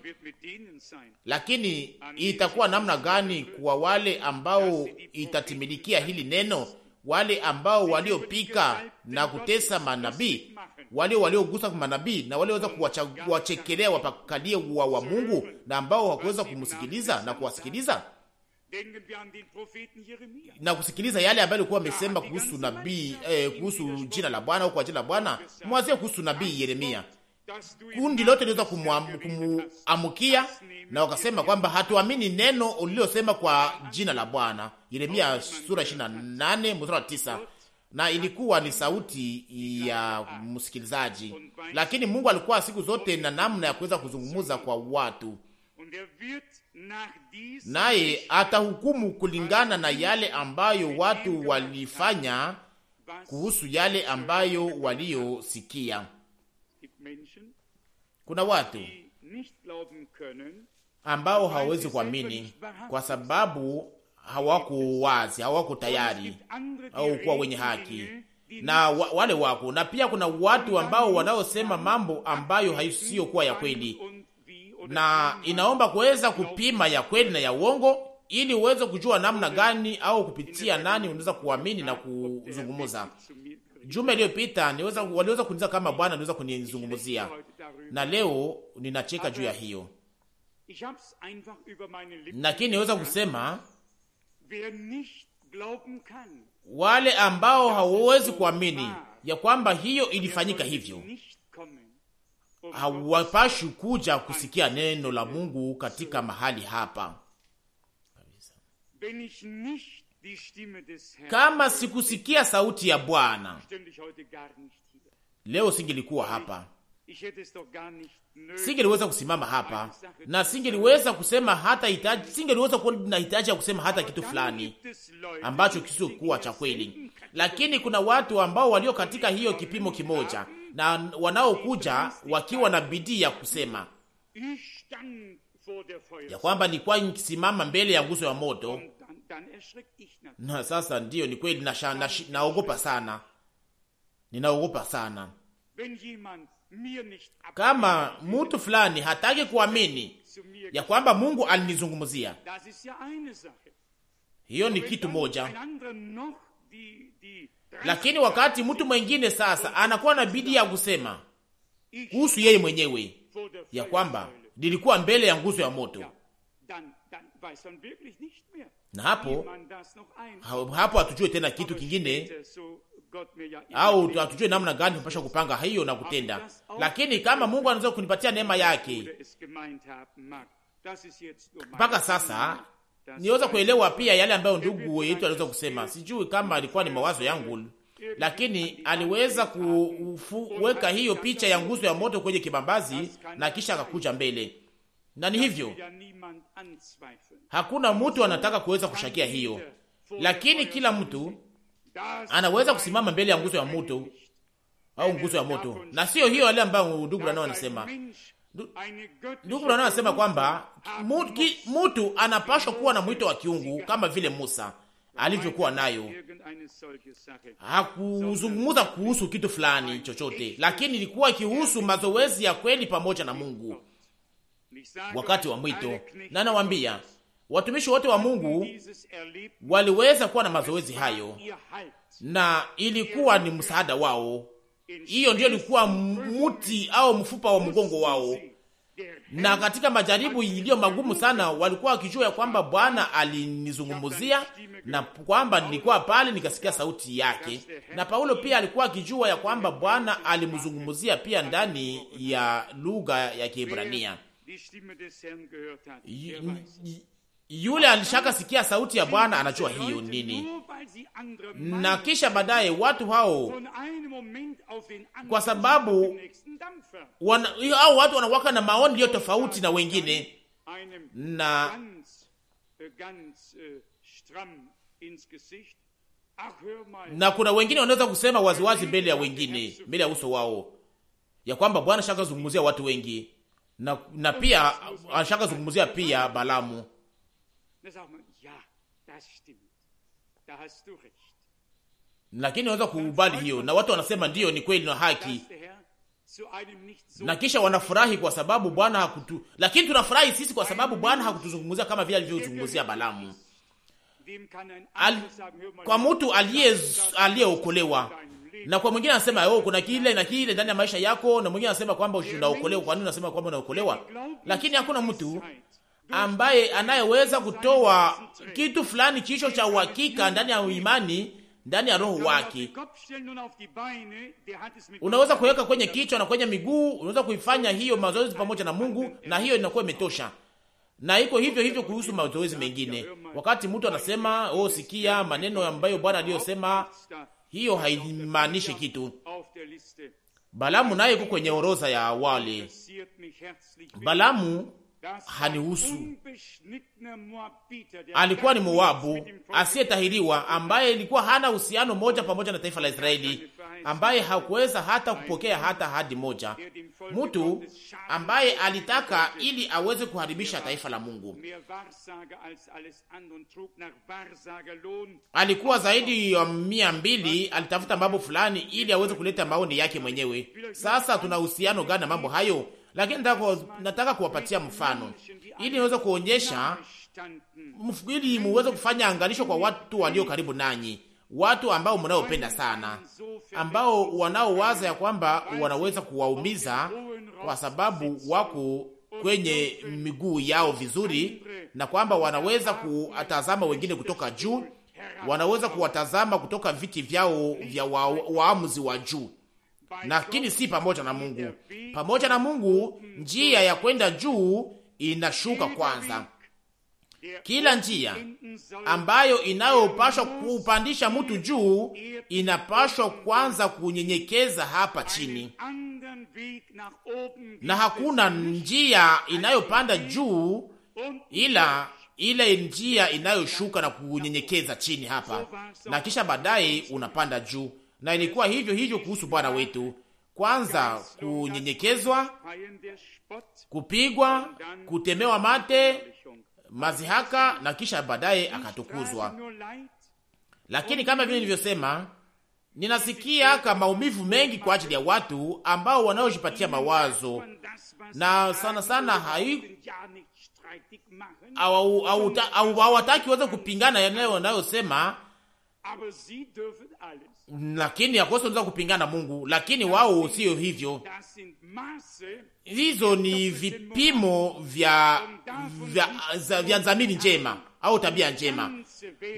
Lakini itakuwa namna gani kwa wale ambao itatimilikia hili neno, wale ambao waliopika na kutesa manabii, wale waliogusa kwa manabii na walioweza kuwachekelea wapakalie ua wa Mungu, na ambao hawakuweza kumsikiliza na kuwasikiliza na kusikiliza yale ambayo alikuwa amesema kuhusu nabii eh, kuhusu jina la Bwana au kwa jina la Bwana. Mwazie kuhusu nabii Yeremia, kundi lote liweza kumuamkia na wakasema kwamba hatuamini neno ulilosema kwa jina la Bwana. Yeremia sura 28 mstari wa 9. Na ilikuwa ni sauti ya msikilizaji, lakini Mungu alikuwa siku zote na namna ya kuweza kuzungumuza kwa watu naye atahukumu kulingana na yale ambayo watu walifanya kuhusu yale ambayo waliosikia. Kuna watu ambao hawawezi kuamini kwa sababu hawako wazi, hawako tayari au kuwa wenye haki na wa, wale wako na pia kuna watu ambao wanaosema mambo ambayo haisiyokuwa ya kweli na inaomba kuweza kupima ya kweli na ya uongo, ili uweze kujua namna gani au kupitia nani unaweza kuamini na kuzungumuza. Juma iliyopita niweza waliweza kuniza kama Bwana anaweza kunizungumzia, na leo ninacheka juu ya hiyo, lakini niweza kusema wale ambao hawawezi kuamini ya kwamba hiyo ilifanyika hivyo hawapashi kuja kusikia neno la Mungu katika mahali hapa. Kama sikusikia sauti ya Bwana leo, singelikuwa hapa, singeliweza kusimama hapa na singeliweza kusema hata hitaji, singeliweza kuwa na hitaji ya kusema hata kitu fulani ambacho kisiokuwa cha kweli. Lakini kuna watu ambao walio katika hiyo kipimo kimoja na wanaokuja wakiwa na bidii ya kusema ya kwamba nilikuwa nikisimama mbele ya nguzo ya moto, na sasa ndiyo ni kweli, naogopa sana, ninaogopa sana. Kama mtu fulani hataki kuamini ya kwamba Mungu alinizungumzia, hiyo ni kitu moja lakini wakati mtu mwengine sasa anakuwa na bidii ya kusema kuhusu yeye mwenyewe ya kwamba nilikuwa mbele ya nguzo ya moto, na hapo hapo hatujue tena kitu kingine au hatujue namna gani tunapasha kupanga hiyo na kutenda. Lakini kama Mungu anaweza kunipatia neema yake mpaka sasa niweza kuelewa pia yale ambayo ndugu yetu aliweza kusema. Sijui kama alikuwa ni mawazo yangu, lakini aliweza kuweka hiyo picha ya nguzo ya moto kwenye kibambazi na kisha akakuja mbele, na ni hivyo, hakuna mtu anataka kuweza kushakia hiyo, lakini kila mtu anaweza kusimama mbele ya nguzo ya moto au nguzo ya moto, na sio hiyo yale ambayo ndugu nao anasema Ndugu Branham anasema kwamba mtu anapashwa kuwa na mwito wa kiungu kama vile Musa alivyokuwa nayo. Hakuzungumza kuhusu kitu fulani chochote, lakini ilikuwa ikihusu mazoezi ya kweli pamoja na Mungu wakati wa mwito. Na nawaambia watumishi wote wa Mungu waliweza kuwa na mazoezi hayo, na ilikuwa ni msaada wao hiyo ndio ilikuwa muti au mfupa wa mgongo wao, na katika majaribu iliyo magumu sana walikuwa wakijua ya kwamba Bwana alinizungumzia na kwamba nilikuwa pale nikasikia sauti yake. Na Paulo pia alikuwa akijua ya kwamba Bwana alimzungumzia pia ndani ya lugha ya Kiebrania yule alishaka sikia sauti ya Bwana, anajua hiyo nini. Na kisha baadaye watu hao, kwa sababu wana, watu wanawaka na maoni iliyo tofauti na wengine, na na kuna wengine wanaweza kusema waziwazi mbele ya wengine, mbele ya uso wao, ya kwamba Bwana shaka zungumzia watu wengi na, na pia ashaka zungumzia pia Balamu lakini unaweza kuubali hiyo, na watu wanasema ndiyo, ni kweli na haki, na kisha wanafurahi kwa sababu Bwana hakutu. Lakini tunafurahi sisi kwa sababu Bwana hakutuzungumzia kama vile alivyozungumzia Balamu. Al, kwa mtu aliye aliyeokolewa na kwa mwingine anasema wewe oh, kuna kile na kile ndani ya maisha yako, na mwingine anasema kwamba unaokolewa. Kwa nini unasema kwamba unaokolewa? Lakini hakuna mtu ambaye anayeweza kutoa kitu fulani chisho cha uhakika ndani ya imani ndani ya roho wake. Unaweza kuweka kwenye kichwa na kwenye miguu, unaweza kuifanya hiyo mazoezi pamoja na Mungu, na hiyo inakuwa imetosha. Na iko hivyo hivyo kuhusu mazoezi mengine. Wakati mtu anasema oh, sikia maneno ambayo Bwana aliyosema, hiyo haimaanishi kitu. Balamu naye iko kwenye orodha ya wale Balamu hanihusu. Alikuwa ni Moabu asiyetahiriwa ambaye ilikuwa hana uhusiano moja pamoja na taifa la Israeli, ambaye hakuweza hata kupokea hata hadi moja, mtu ambaye alitaka ili aweze kuharibisha taifa la Mungu. Alikuwa zaidi ya mia mbili, alitafuta mambo fulani ili aweze kuleta maoni yake mwenyewe. Sasa tuna uhusiano gani na mambo hayo? lakini nataka kuwapatia mfano ili niweze kuonyesha, ili muweze kufanya angalisho kwa watu walio karibu nanyi, watu ambao mnaopenda sana, ambao wanaowaza ya kwamba wanaweza kuwaumiza kwa sababu wako kwenye miguu yao vizuri, na kwamba wanaweza kuwatazama wengine kutoka juu, wanaweza kuwatazama kutoka viti vyao vya waamuzi wa juu lakini si pamoja na Mungu. Pamoja na Mungu, njia ya kwenda juu inashuka kwanza. Kila njia ambayo inayopashwa kupandisha mtu juu inapashwa kwanza kunyenyekeza hapa chini, na hakuna njia inayopanda juu ila ile njia inayoshuka na kunyenyekeza chini hapa, na kisha baadaye unapanda juu na ilikuwa hivyo hivyo kuhusu Bwana wetu. Kwanza kunyenyekezwa, kupigwa, kutemewa mate, mazihaka na kisha baadaye akatukuzwa. Lakini kama vile nilivyosema, ninasikia ka maumivu mengi kwa ajili ya watu ambao wanaojipatia mawazo na sana sana hai hawataki waweze kupingana yanayo wanayosema lakini akosi wanaweza kupingana Mungu, lakini wao siyo hivyo. Hizo ni vipimo vya vya, vya, vya dhamiri njema au tabia njema,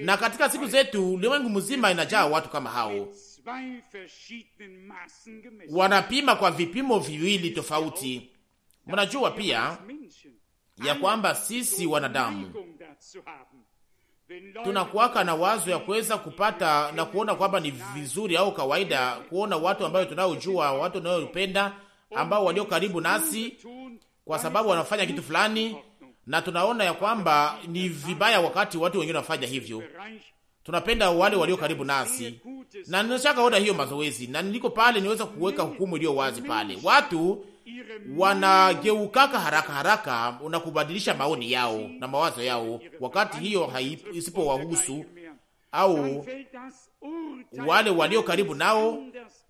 na katika siku zetu ulimwengu mzima inajaa watu kama hao, wanapima kwa vipimo viwili tofauti. Mnajua pia ya kwamba sisi wanadamu tunakuwaka na wazo ya kuweza kupata na kuona kwamba ni vizuri au kawaida kuona watu ambayo tunaojua, watu tunayopenda, ambao walio karibu nasi, kwa sababu wanafanya kitu fulani, na tunaona ya kwamba ni vibaya wakati watu wengine wanafanya hivyo. Tunapenda wale walio karibu nasi, na ninashaka ona hiyo mazoezi, na niliko pale niweza kuweka hukumu iliyo wazi pale watu wanageukaka haraka haraka na kubadilisha maoni yao na mawazo yao, wakati hiyo isipowahusu au wale walio karibu nao.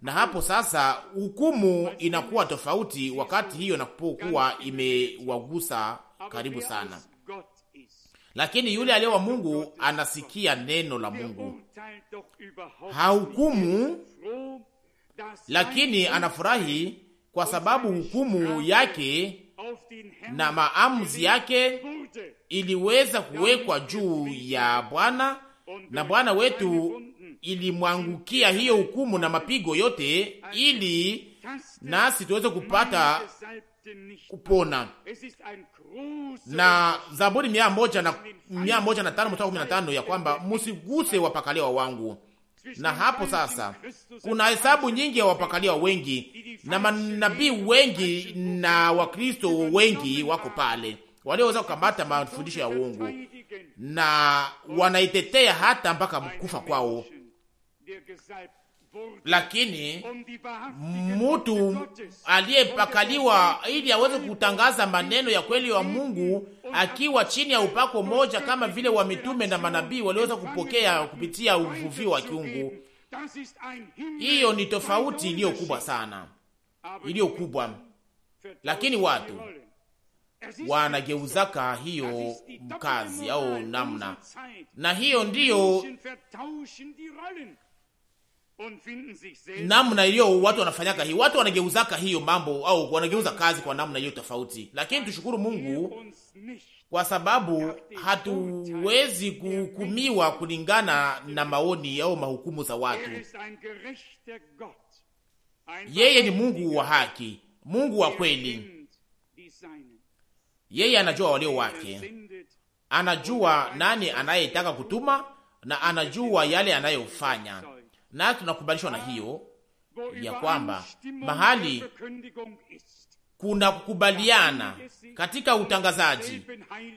Na hapo sasa hukumu inakuwa tofauti, wakati hiyo inapokuwa imewagusa karibu sana. Lakini yule aliye wa Mungu anasikia neno la Mungu, hahukumu, lakini anafurahi kwa sababu hukumu yake na maamuzi yake iliweza kuwekwa juu ya Bwana na Bwana wetu ilimwangukia hiyo hukumu na mapigo yote, ili nasi tuweze kupata kupona. Na Zaburi mia moja na mia moja na tano mstari kumi na tano ya kwamba musiguse wapakaliwa wangu na hapo sasa kuna hesabu nyingi ya wapakaliwa wengi na manabii wengi na Wakristo wengi wako pale walioweza kukamata mafundisho ya uongo na wanaitetea hata mpaka kufa kwao lakini mtu aliyepakaliwa ili aweze kutangaza maneno ya kweli wa Mungu akiwa chini ya upako moja, kama vile wa mitume na manabii waliweza kupokea kupitia uvuvio wa kiungu. Hiyo ni tofauti iliyo kubwa sana, iliyo kubwa, lakini watu wanageuzaka hiyo mkazi au namna, na hiyo ndiyo namna hiyo watu wanafanyaka hiyo, watu wanageuzaka hiyo mambo au wanageuza kazi kwa namna hiyo tofauti, lakini tushukuru Mungu kwa sababu hatuwezi kuhukumiwa kulingana na maoni au mahukumu za watu. Er Yeye ni Mungu wa haki, Mungu wa kweli. Yeye anajua walio er wake, anajua nani anayetaka kutuma na anajua yale anayofanya na tunakubalishwa na hiyo ya kwamba mahali kuna kukubaliana katika utangazaji,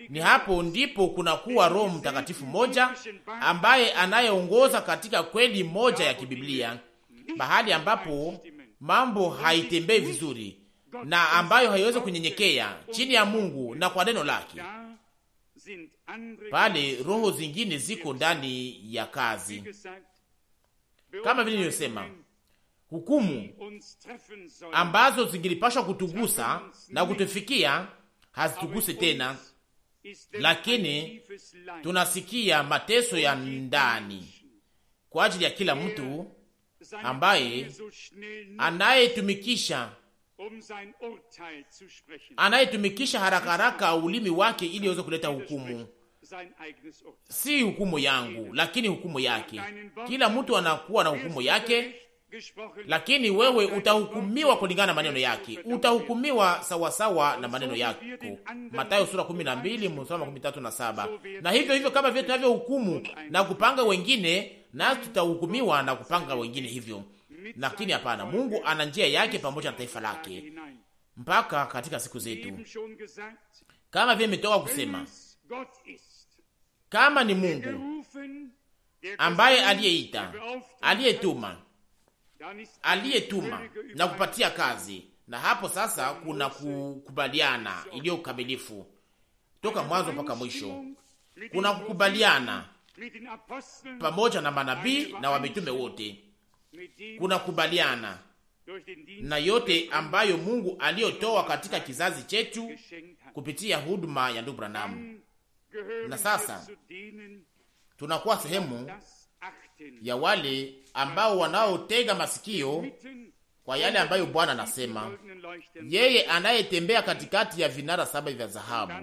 ni hapo ndipo kunakuwa Roho Mtakatifu moja ambaye anayeongoza katika kweli moja ya kibiblia, mahali ambapo mambo haitembei vizuri na ambayo haiwezi kunyenyekea chini ya Mungu na kwa neno lake, pale roho zingine ziko ndani ya kazi kama vile niliyosema, hukumu ambazo zingilipashwa kutugusa na kutufikia hazituguse tena, lakini tunasikia mateso ya ndani kwa ajili ya kila mtu ambaye anayetumikisha anayetumikisha haraka haraka ulimi wake ili aweze kuleta hukumu si hukumu yangu, lakini hukumu yake. Kila mtu anakuwa na hukumu yake, lakini wewe utahukumiwa kulingana na maneno yake, utahukumiwa sawasawa na maneno yako. Mathayo sura 12 mstari 13 na Na hivyo hivyo, kama vile tunavyohukumu na kupanga wengine, nasi tutahukumiwa na kupanga wengine hivyo. Lakini hapana, Mungu ana njia yake pamoja na taifa lake mpaka katika siku zetu, kama vile imetoka kusema kama ni Mungu ambaye aliyeita, aliyetuma, aliyetuma na kupatia kazi, na hapo sasa kuna kukubaliana iliyo ukamilifu toka mwanzo mpaka mwisho. Kuna kukubaliana pamoja na manabii na wamitume wote, kuna kukubaliana na yote ambayo Mungu aliyotoa katika kizazi chetu kupitia huduma ya ndugu Branamu na sasa tunakuwa sehemu ya wale ambao wanaotega masikio kwa yale ambayo Bwana anasema, yeye anayetembea katikati ya vinara saba vya dhahabu.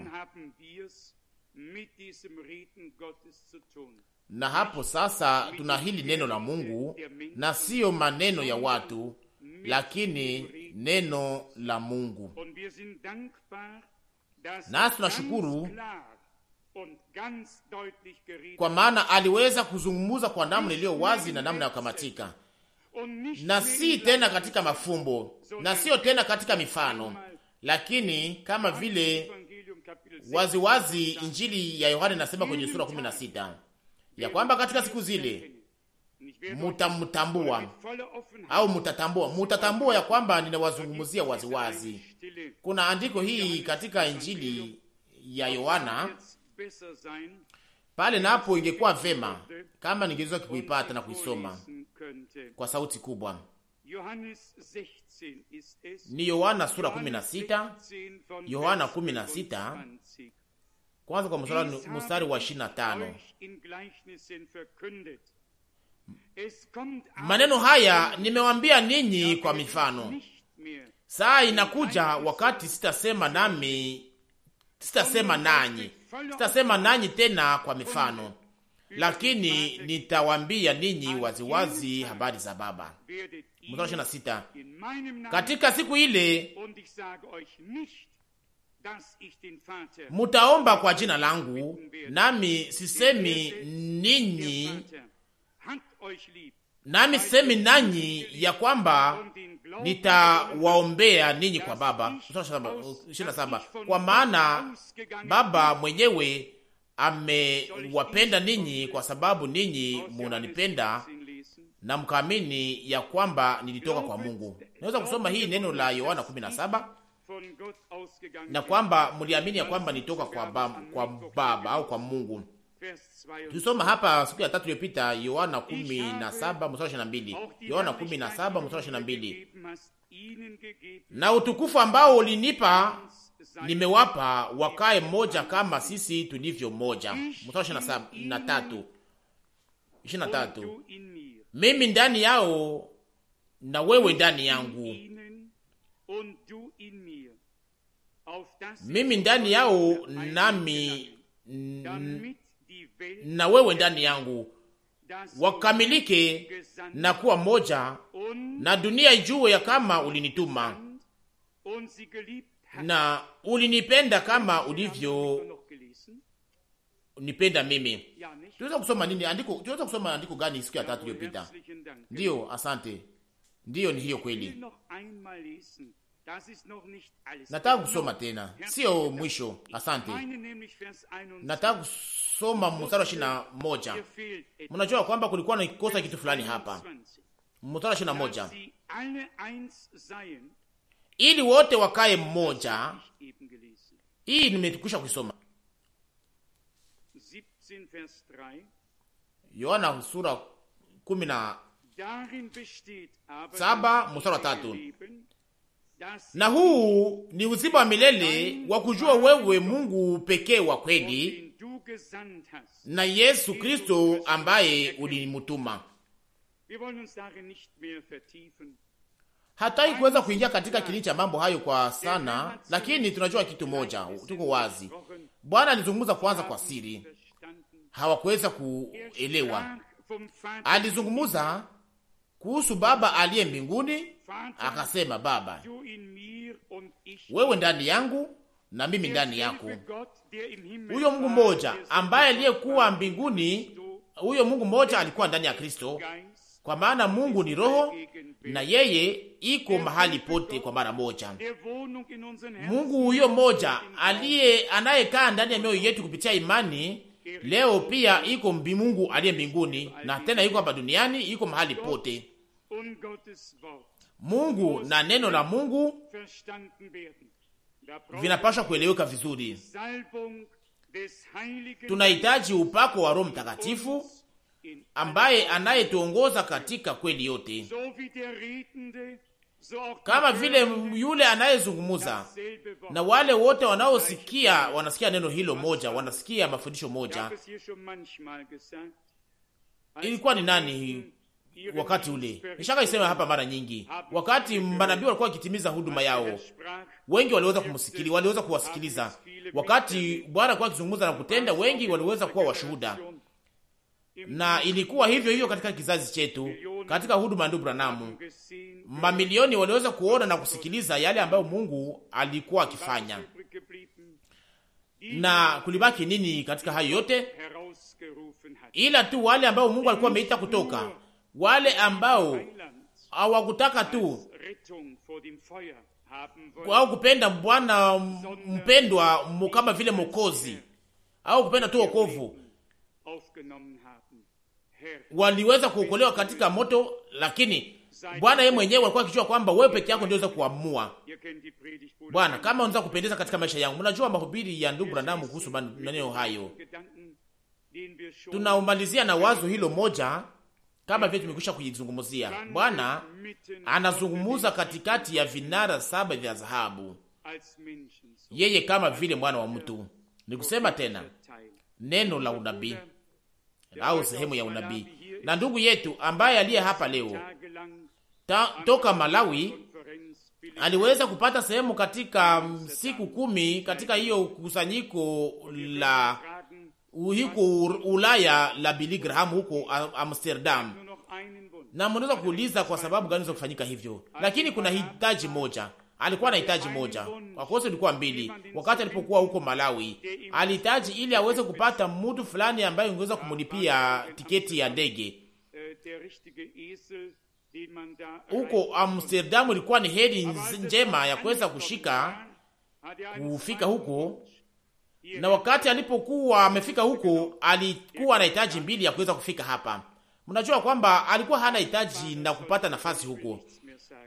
Na hapo sasa tuna hili neno la Mungu, na siyo maneno ya watu, lakini neno la Mungu, nasi tunashukuru kwa maana aliweza kuzungumza kwa namna iliyo wazi na namna ya kukamatika, na si tena katika mafumbo na siyo tena katika mifano, lakini kama vile waziwazi wazi Injili ya Yohana inasema kwenye sura 16 ya kwamba katika siku zile mutamtambua au mutatambua, mutatambua ya kwamba ninawazungumzia waziwazi. Kuna andiko hii katika Injili ya Yohana pale napo ingekuwa vema kama ningeweza kuipata na kuisoma kwa sauti kubwa. Ni Yohana sura 16, Yohana 16 kwanza kwa mstari wa 25. Maneno haya nimewambia ninyi kwa mifano, saa inakuja wakati sitasema nami, sitasema nanyi Sitasema nanyi tena kwa mifano, lakini nitawambia ninyi waziwazi habari za Baba. Katika siku ile mutaomba kwa jina langu, nami sisemi ninyi nami semi nanyi ya kwamba nitawaombea ninyi kwa Baba. ishirini na saba. Kwa maana Baba mwenyewe amewapenda ninyi, kwa sababu ninyi munanipenda na mkaamini ya kwamba nilitoka kwa Mungu. Naweza kusoma hii neno la Yohana kumi na saba na kwamba mliamini ya kwamba nilitoka kwa, ba, kwa Baba au kwa Mungu Tusoma hapa siku ya tatu iliyopita Yohana 17 mstari wa 22. Yohana 17 mstari wa 22. Na utukufu ambao ulinipa nimewapa wakae moja kama sisi tulivyo moja. Mstari wa 23. tatu Mimi ndani yao na wewe ndani yangu. Mimi ndani yao nami na wewe ndani yangu, wakamilike na kuwa moja, na dunia ijue ya kama ulinituma na ulinipenda kama ulivyo nipenda mimi. Tuweza kusoma nini andiko? Tuweza kusoma andiko gani siku ya tatu iliyopita? Ndiyo, asante. Ndiyo, ni hiyo kweli. Nataka kusoma tena, sio mwisho. Asante, nataka kusoma mstari wa ishirini na moja. Mnajua kwamba kulikuwa na kosa kitu fulani hapa. Mstari wa ishirini na moja, ili wote wakae mmoja. Hii nimetukwisha kuisoma Yohana sura kumi na saba mstari wa tatu na huu ni uzima wa milele wa kujua wewe Mungu pekee wa kweli na Yesu Kristo ambaye ulimutuma. Hatai kuweza kuingia katika kilini cha mambo hayo kwa sana, lakini tunajua kitu moja, tuko wazi. Bwana alizungumza kwanza kwa siri, hawakuweza kuelewa. Alizungumza kuhusu Baba aliye mbinguni, akasema, Baba, wewe ndani yangu na mimi ndani yako. Huyo Mungu mmoja ambaye aliyekuwa mbinguni, huyo Mungu mmoja alikuwa ndani ya Kristo, kwa maana Mungu ni Roho na yeye iko mahali pote kwa mara moja. Mungu huyo mmoja aliye anayekaa ndani ya mioyo yetu kupitia imani leo pia iko mbi Mungu aliye mbinguni na tena iko hapa duniani, iko mahali pote. Mungu na neno la Mungu vinapaswa kueleweka vizuri. Tunahitaji upako wa Roho Mtakatifu ambaye anayetuongoza katika kweli yote, kama vile yule anayezungumuza na wale wote wanaosikia wanasikia neno hilo moja, wanasikia mafundisho moja. Ilikuwa ni nani wakati ule? Nishaka isema hapa mara nyingi, wakati manabii walikuwa wakitimiza huduma yao, wengi waliweza kumsikili, waliweza kuwasikiliza. Wakati Bwana alikuwa akizungumza na kutenda, wengi waliweza kuwa washuhuda na ilikuwa hivyo hivyo katika kizazi chetu, katika huduma ndugu Branamu. Mamilioni waliweza kuona na kusikiliza yale ambayo Mungu alikuwa akifanya, na kulibaki nini katika hayo yote? Ila tu wale ambao Mungu alikuwa ameita kutoka, wale ambao hawakutaka tu au kupenda Bwana mpendwa kama vile Mokozi au kupenda tu wokovu waliweza kuokolewa katika moto, lakini Bwana yeye mwenyewe alikuwa akijua kwamba wewe peke yako ndio kuamua. Bwana, kama unaweza kupendeza katika maisha yangu. Mnajua mahubiri ya ndugu Branham kuhusu maneno hayo. Tunaumalizia na wazo hilo moja kama vile tumekwisha kujizungumzia. Bwana anazungumza katikati ya vinara saba vya dhahabu. Yeye kama vile mwana wa mtu. Nikusema tena neno la unabii au sehemu ya unabii. Na ndugu yetu ambaye aliye hapa leo ta, toka Malawi aliweza kupata sehemu katika mm, siku kumi katika hiyo kusanyiko la huko Ulaya la Billy Graham huko Amsterdam, na mnaweza kuuliza kwa sababu gani za kufanyika hivyo, lakini kuna hitaji moja alikuwa anahitaji moja, kosa ilikuwa mbili. Wakati alipokuwa huko Malawi, alihitaji ili aweze kupata mtu fulani ambaye ungeweza kumlipia tiketi ya ndege huko Amsterdamu. Ilikuwa ni heri njema ya kuweza kushika kufika huko, na wakati alipokuwa amefika huko, alikuwa anahitaji mbili ya kuweza kufika hapa. Mnajua kwamba alikuwa hana hitaji na kupata nafasi huko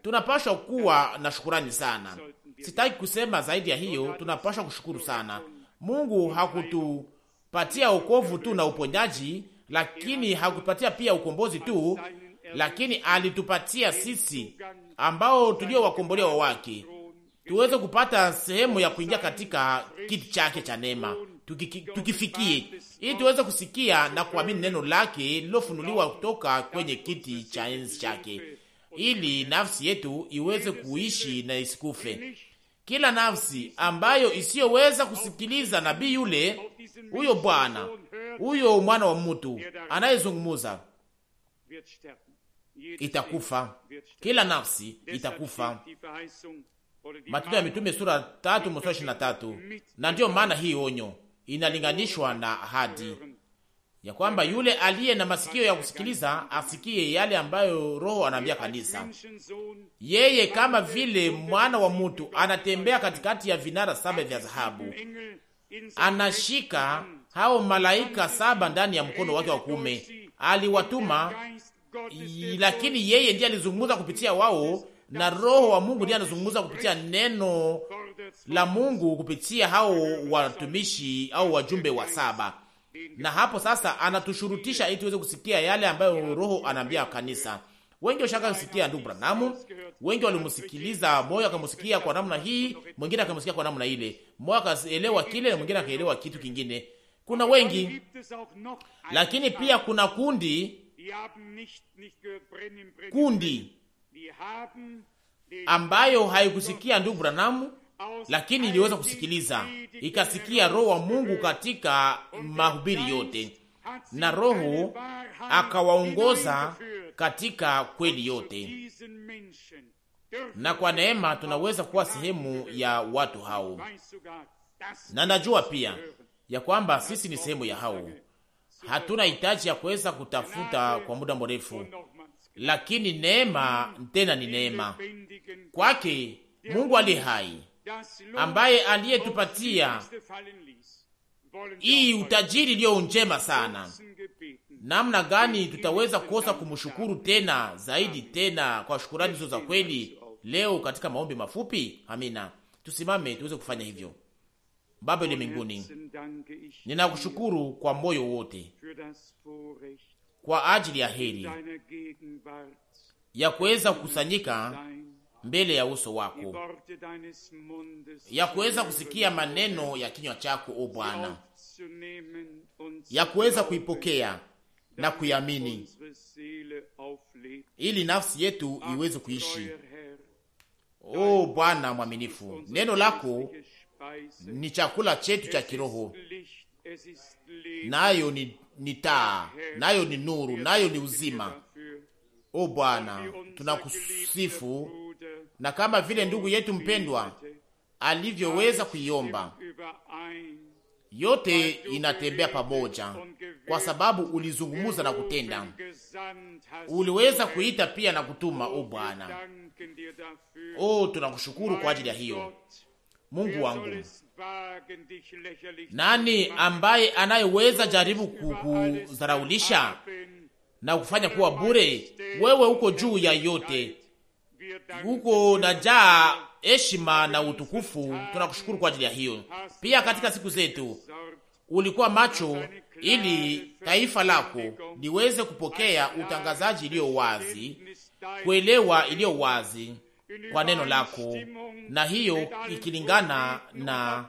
tunapashwa kuwa na shukurani sana. Sitaki kusema zaidi ya hiyo, tunapashwa kushukuru sana. Mungu hakutupatia wokovu tu na uponyaji, lakini hakutupatia pia ukombozi tu, lakini alitupatia sisi ambao tulio wakombolewa wake tuweze kupata sehemu ya kuingia katika kiti chake cha neema, tuki, tukifikie ili tuweze kusikia na kuamini neno lake lilofunuliwa kutoka kwenye kiti cha enzi chake ili nafsi yetu iweze kuishi na isikufe. Kila nafsi ambayo isiyoweza kusikiliza nabii yule, huyo Bwana, huyo mwana wa mtu anayezungumuza itakufa, kila nafsi itakufa. Matendo ya Mitume sura tatu mstari ishirini na tatu. Na ndiyo maana hii onyo inalinganishwa na ahadi ya kwamba yule aliye na masikio ya kusikiliza asikie yale ambayo Roho anaambia kanisa. Yeye kama vile mwana wa mtu anatembea katikati ya vinara saba vya dhahabu, anashika hao malaika saba ndani ya mkono wake wa kuume. Aliwatuma, lakini yeye ndiye alizungumza kupitia wao, na Roho wa Mungu ndiye anazungumza kupitia neno la Mungu kupitia hao watumishi au wajumbe wa saba na hapo sasa anatushurutisha ili tuweze kusikia yale ambayo Roho anaambia kanisa. Wengi washaka kusikia ndugu Branamu, wengi walimsikiliza, moyo akamusikia kwa namna hii, mwingine akamsikia kwa namna ile, moyo akaelewa kile na mwingine akaelewa kitu kingine. Kuna wengi, lakini pia kuna kundi kundi ambayo haikusikia ndugu Branamu lakini iliweza kusikiliza, ikasikia Roho wa Mungu katika mahubiri yote, na Roho akawaongoza katika kweli yote, na kwa neema tunaweza kuwa sehemu ya watu hao, na najua pia ya kwamba sisi ni sehemu ya hao. Hatuna hitaji ya kuweza kutafuta kwa muda mrefu, lakini neema tena ni neema kwake Mungu ali hai ambaye aliyetupatia hii utajiri iliyo njema sana. Namna gani tutaweza kukosa kumshukuru tena zaidi tena kwa shukurani hizo za kweli leo katika maombi mafupi? Amina, tusimame tuweze kufanya hivyo. Baba yule mbinguni, ninakushukuru kwa moyo wote kwa ajili ya heri ya kuweza kukusanyika mbele ya uso wako, ya kuweza kusikia maneno ya kinywa chako, o Bwana, ya kuweza kuipokea na kuiamini, ili nafsi yetu iweze kuishi. O Bwana mwaminifu, neno lako ni chakula chetu cha kiroho, nayo ni, ni taa, nayo ni nuru, nayo ni uzima. O Bwana, tunakusifu na kama vile ndugu yetu mpendwa alivyoweza kuiomba, yote inatembea pamoja, kwa sababu ulizungumuza na kutenda, uliweza kuita pia na kutuma. O Bwana, o tunakushukuru kwa ajili ya hiyo. Mungu wangu, nani ambaye anayeweza jaribu kukudharaulisha na kufanya kuwa bure? Wewe uko juu ya yote uko na jaa heshima na utukufu. Tunakushukuru kwa ajili ya hiyo. Pia katika siku zetu ulikuwa macho ili taifa lako liweze kupokea utangazaji iliyo wazi, kuelewa iliyo wazi kwa neno lako, na hiyo ikilingana na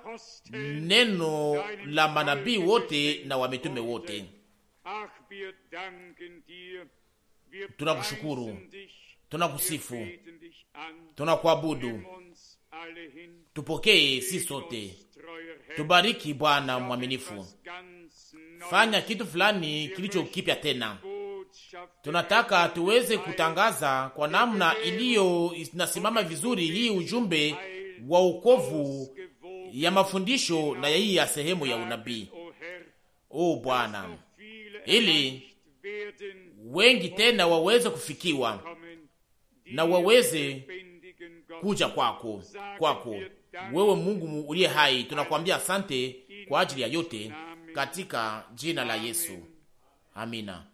neno la manabii wote na wametume wote. Tunakushukuru Tunakusifu, tunakuabudu, tupokee si sote. Tubariki Bwana mwaminifu, fanya kitu fulani kilicho kipya tena. Tunataka tuweze kutangaza kwa namna iliyo inasimama vizuri hii ujumbe wa ukovu ya mafundisho na hii ya sehemu ya unabii. O Bwana, ili wengi tena waweze kufikiwa na waweze kuja kwako kwako, wewe Mungu uliye hai, tunakwambia asante kwa ajili ya yote katika jina la Yesu, amina.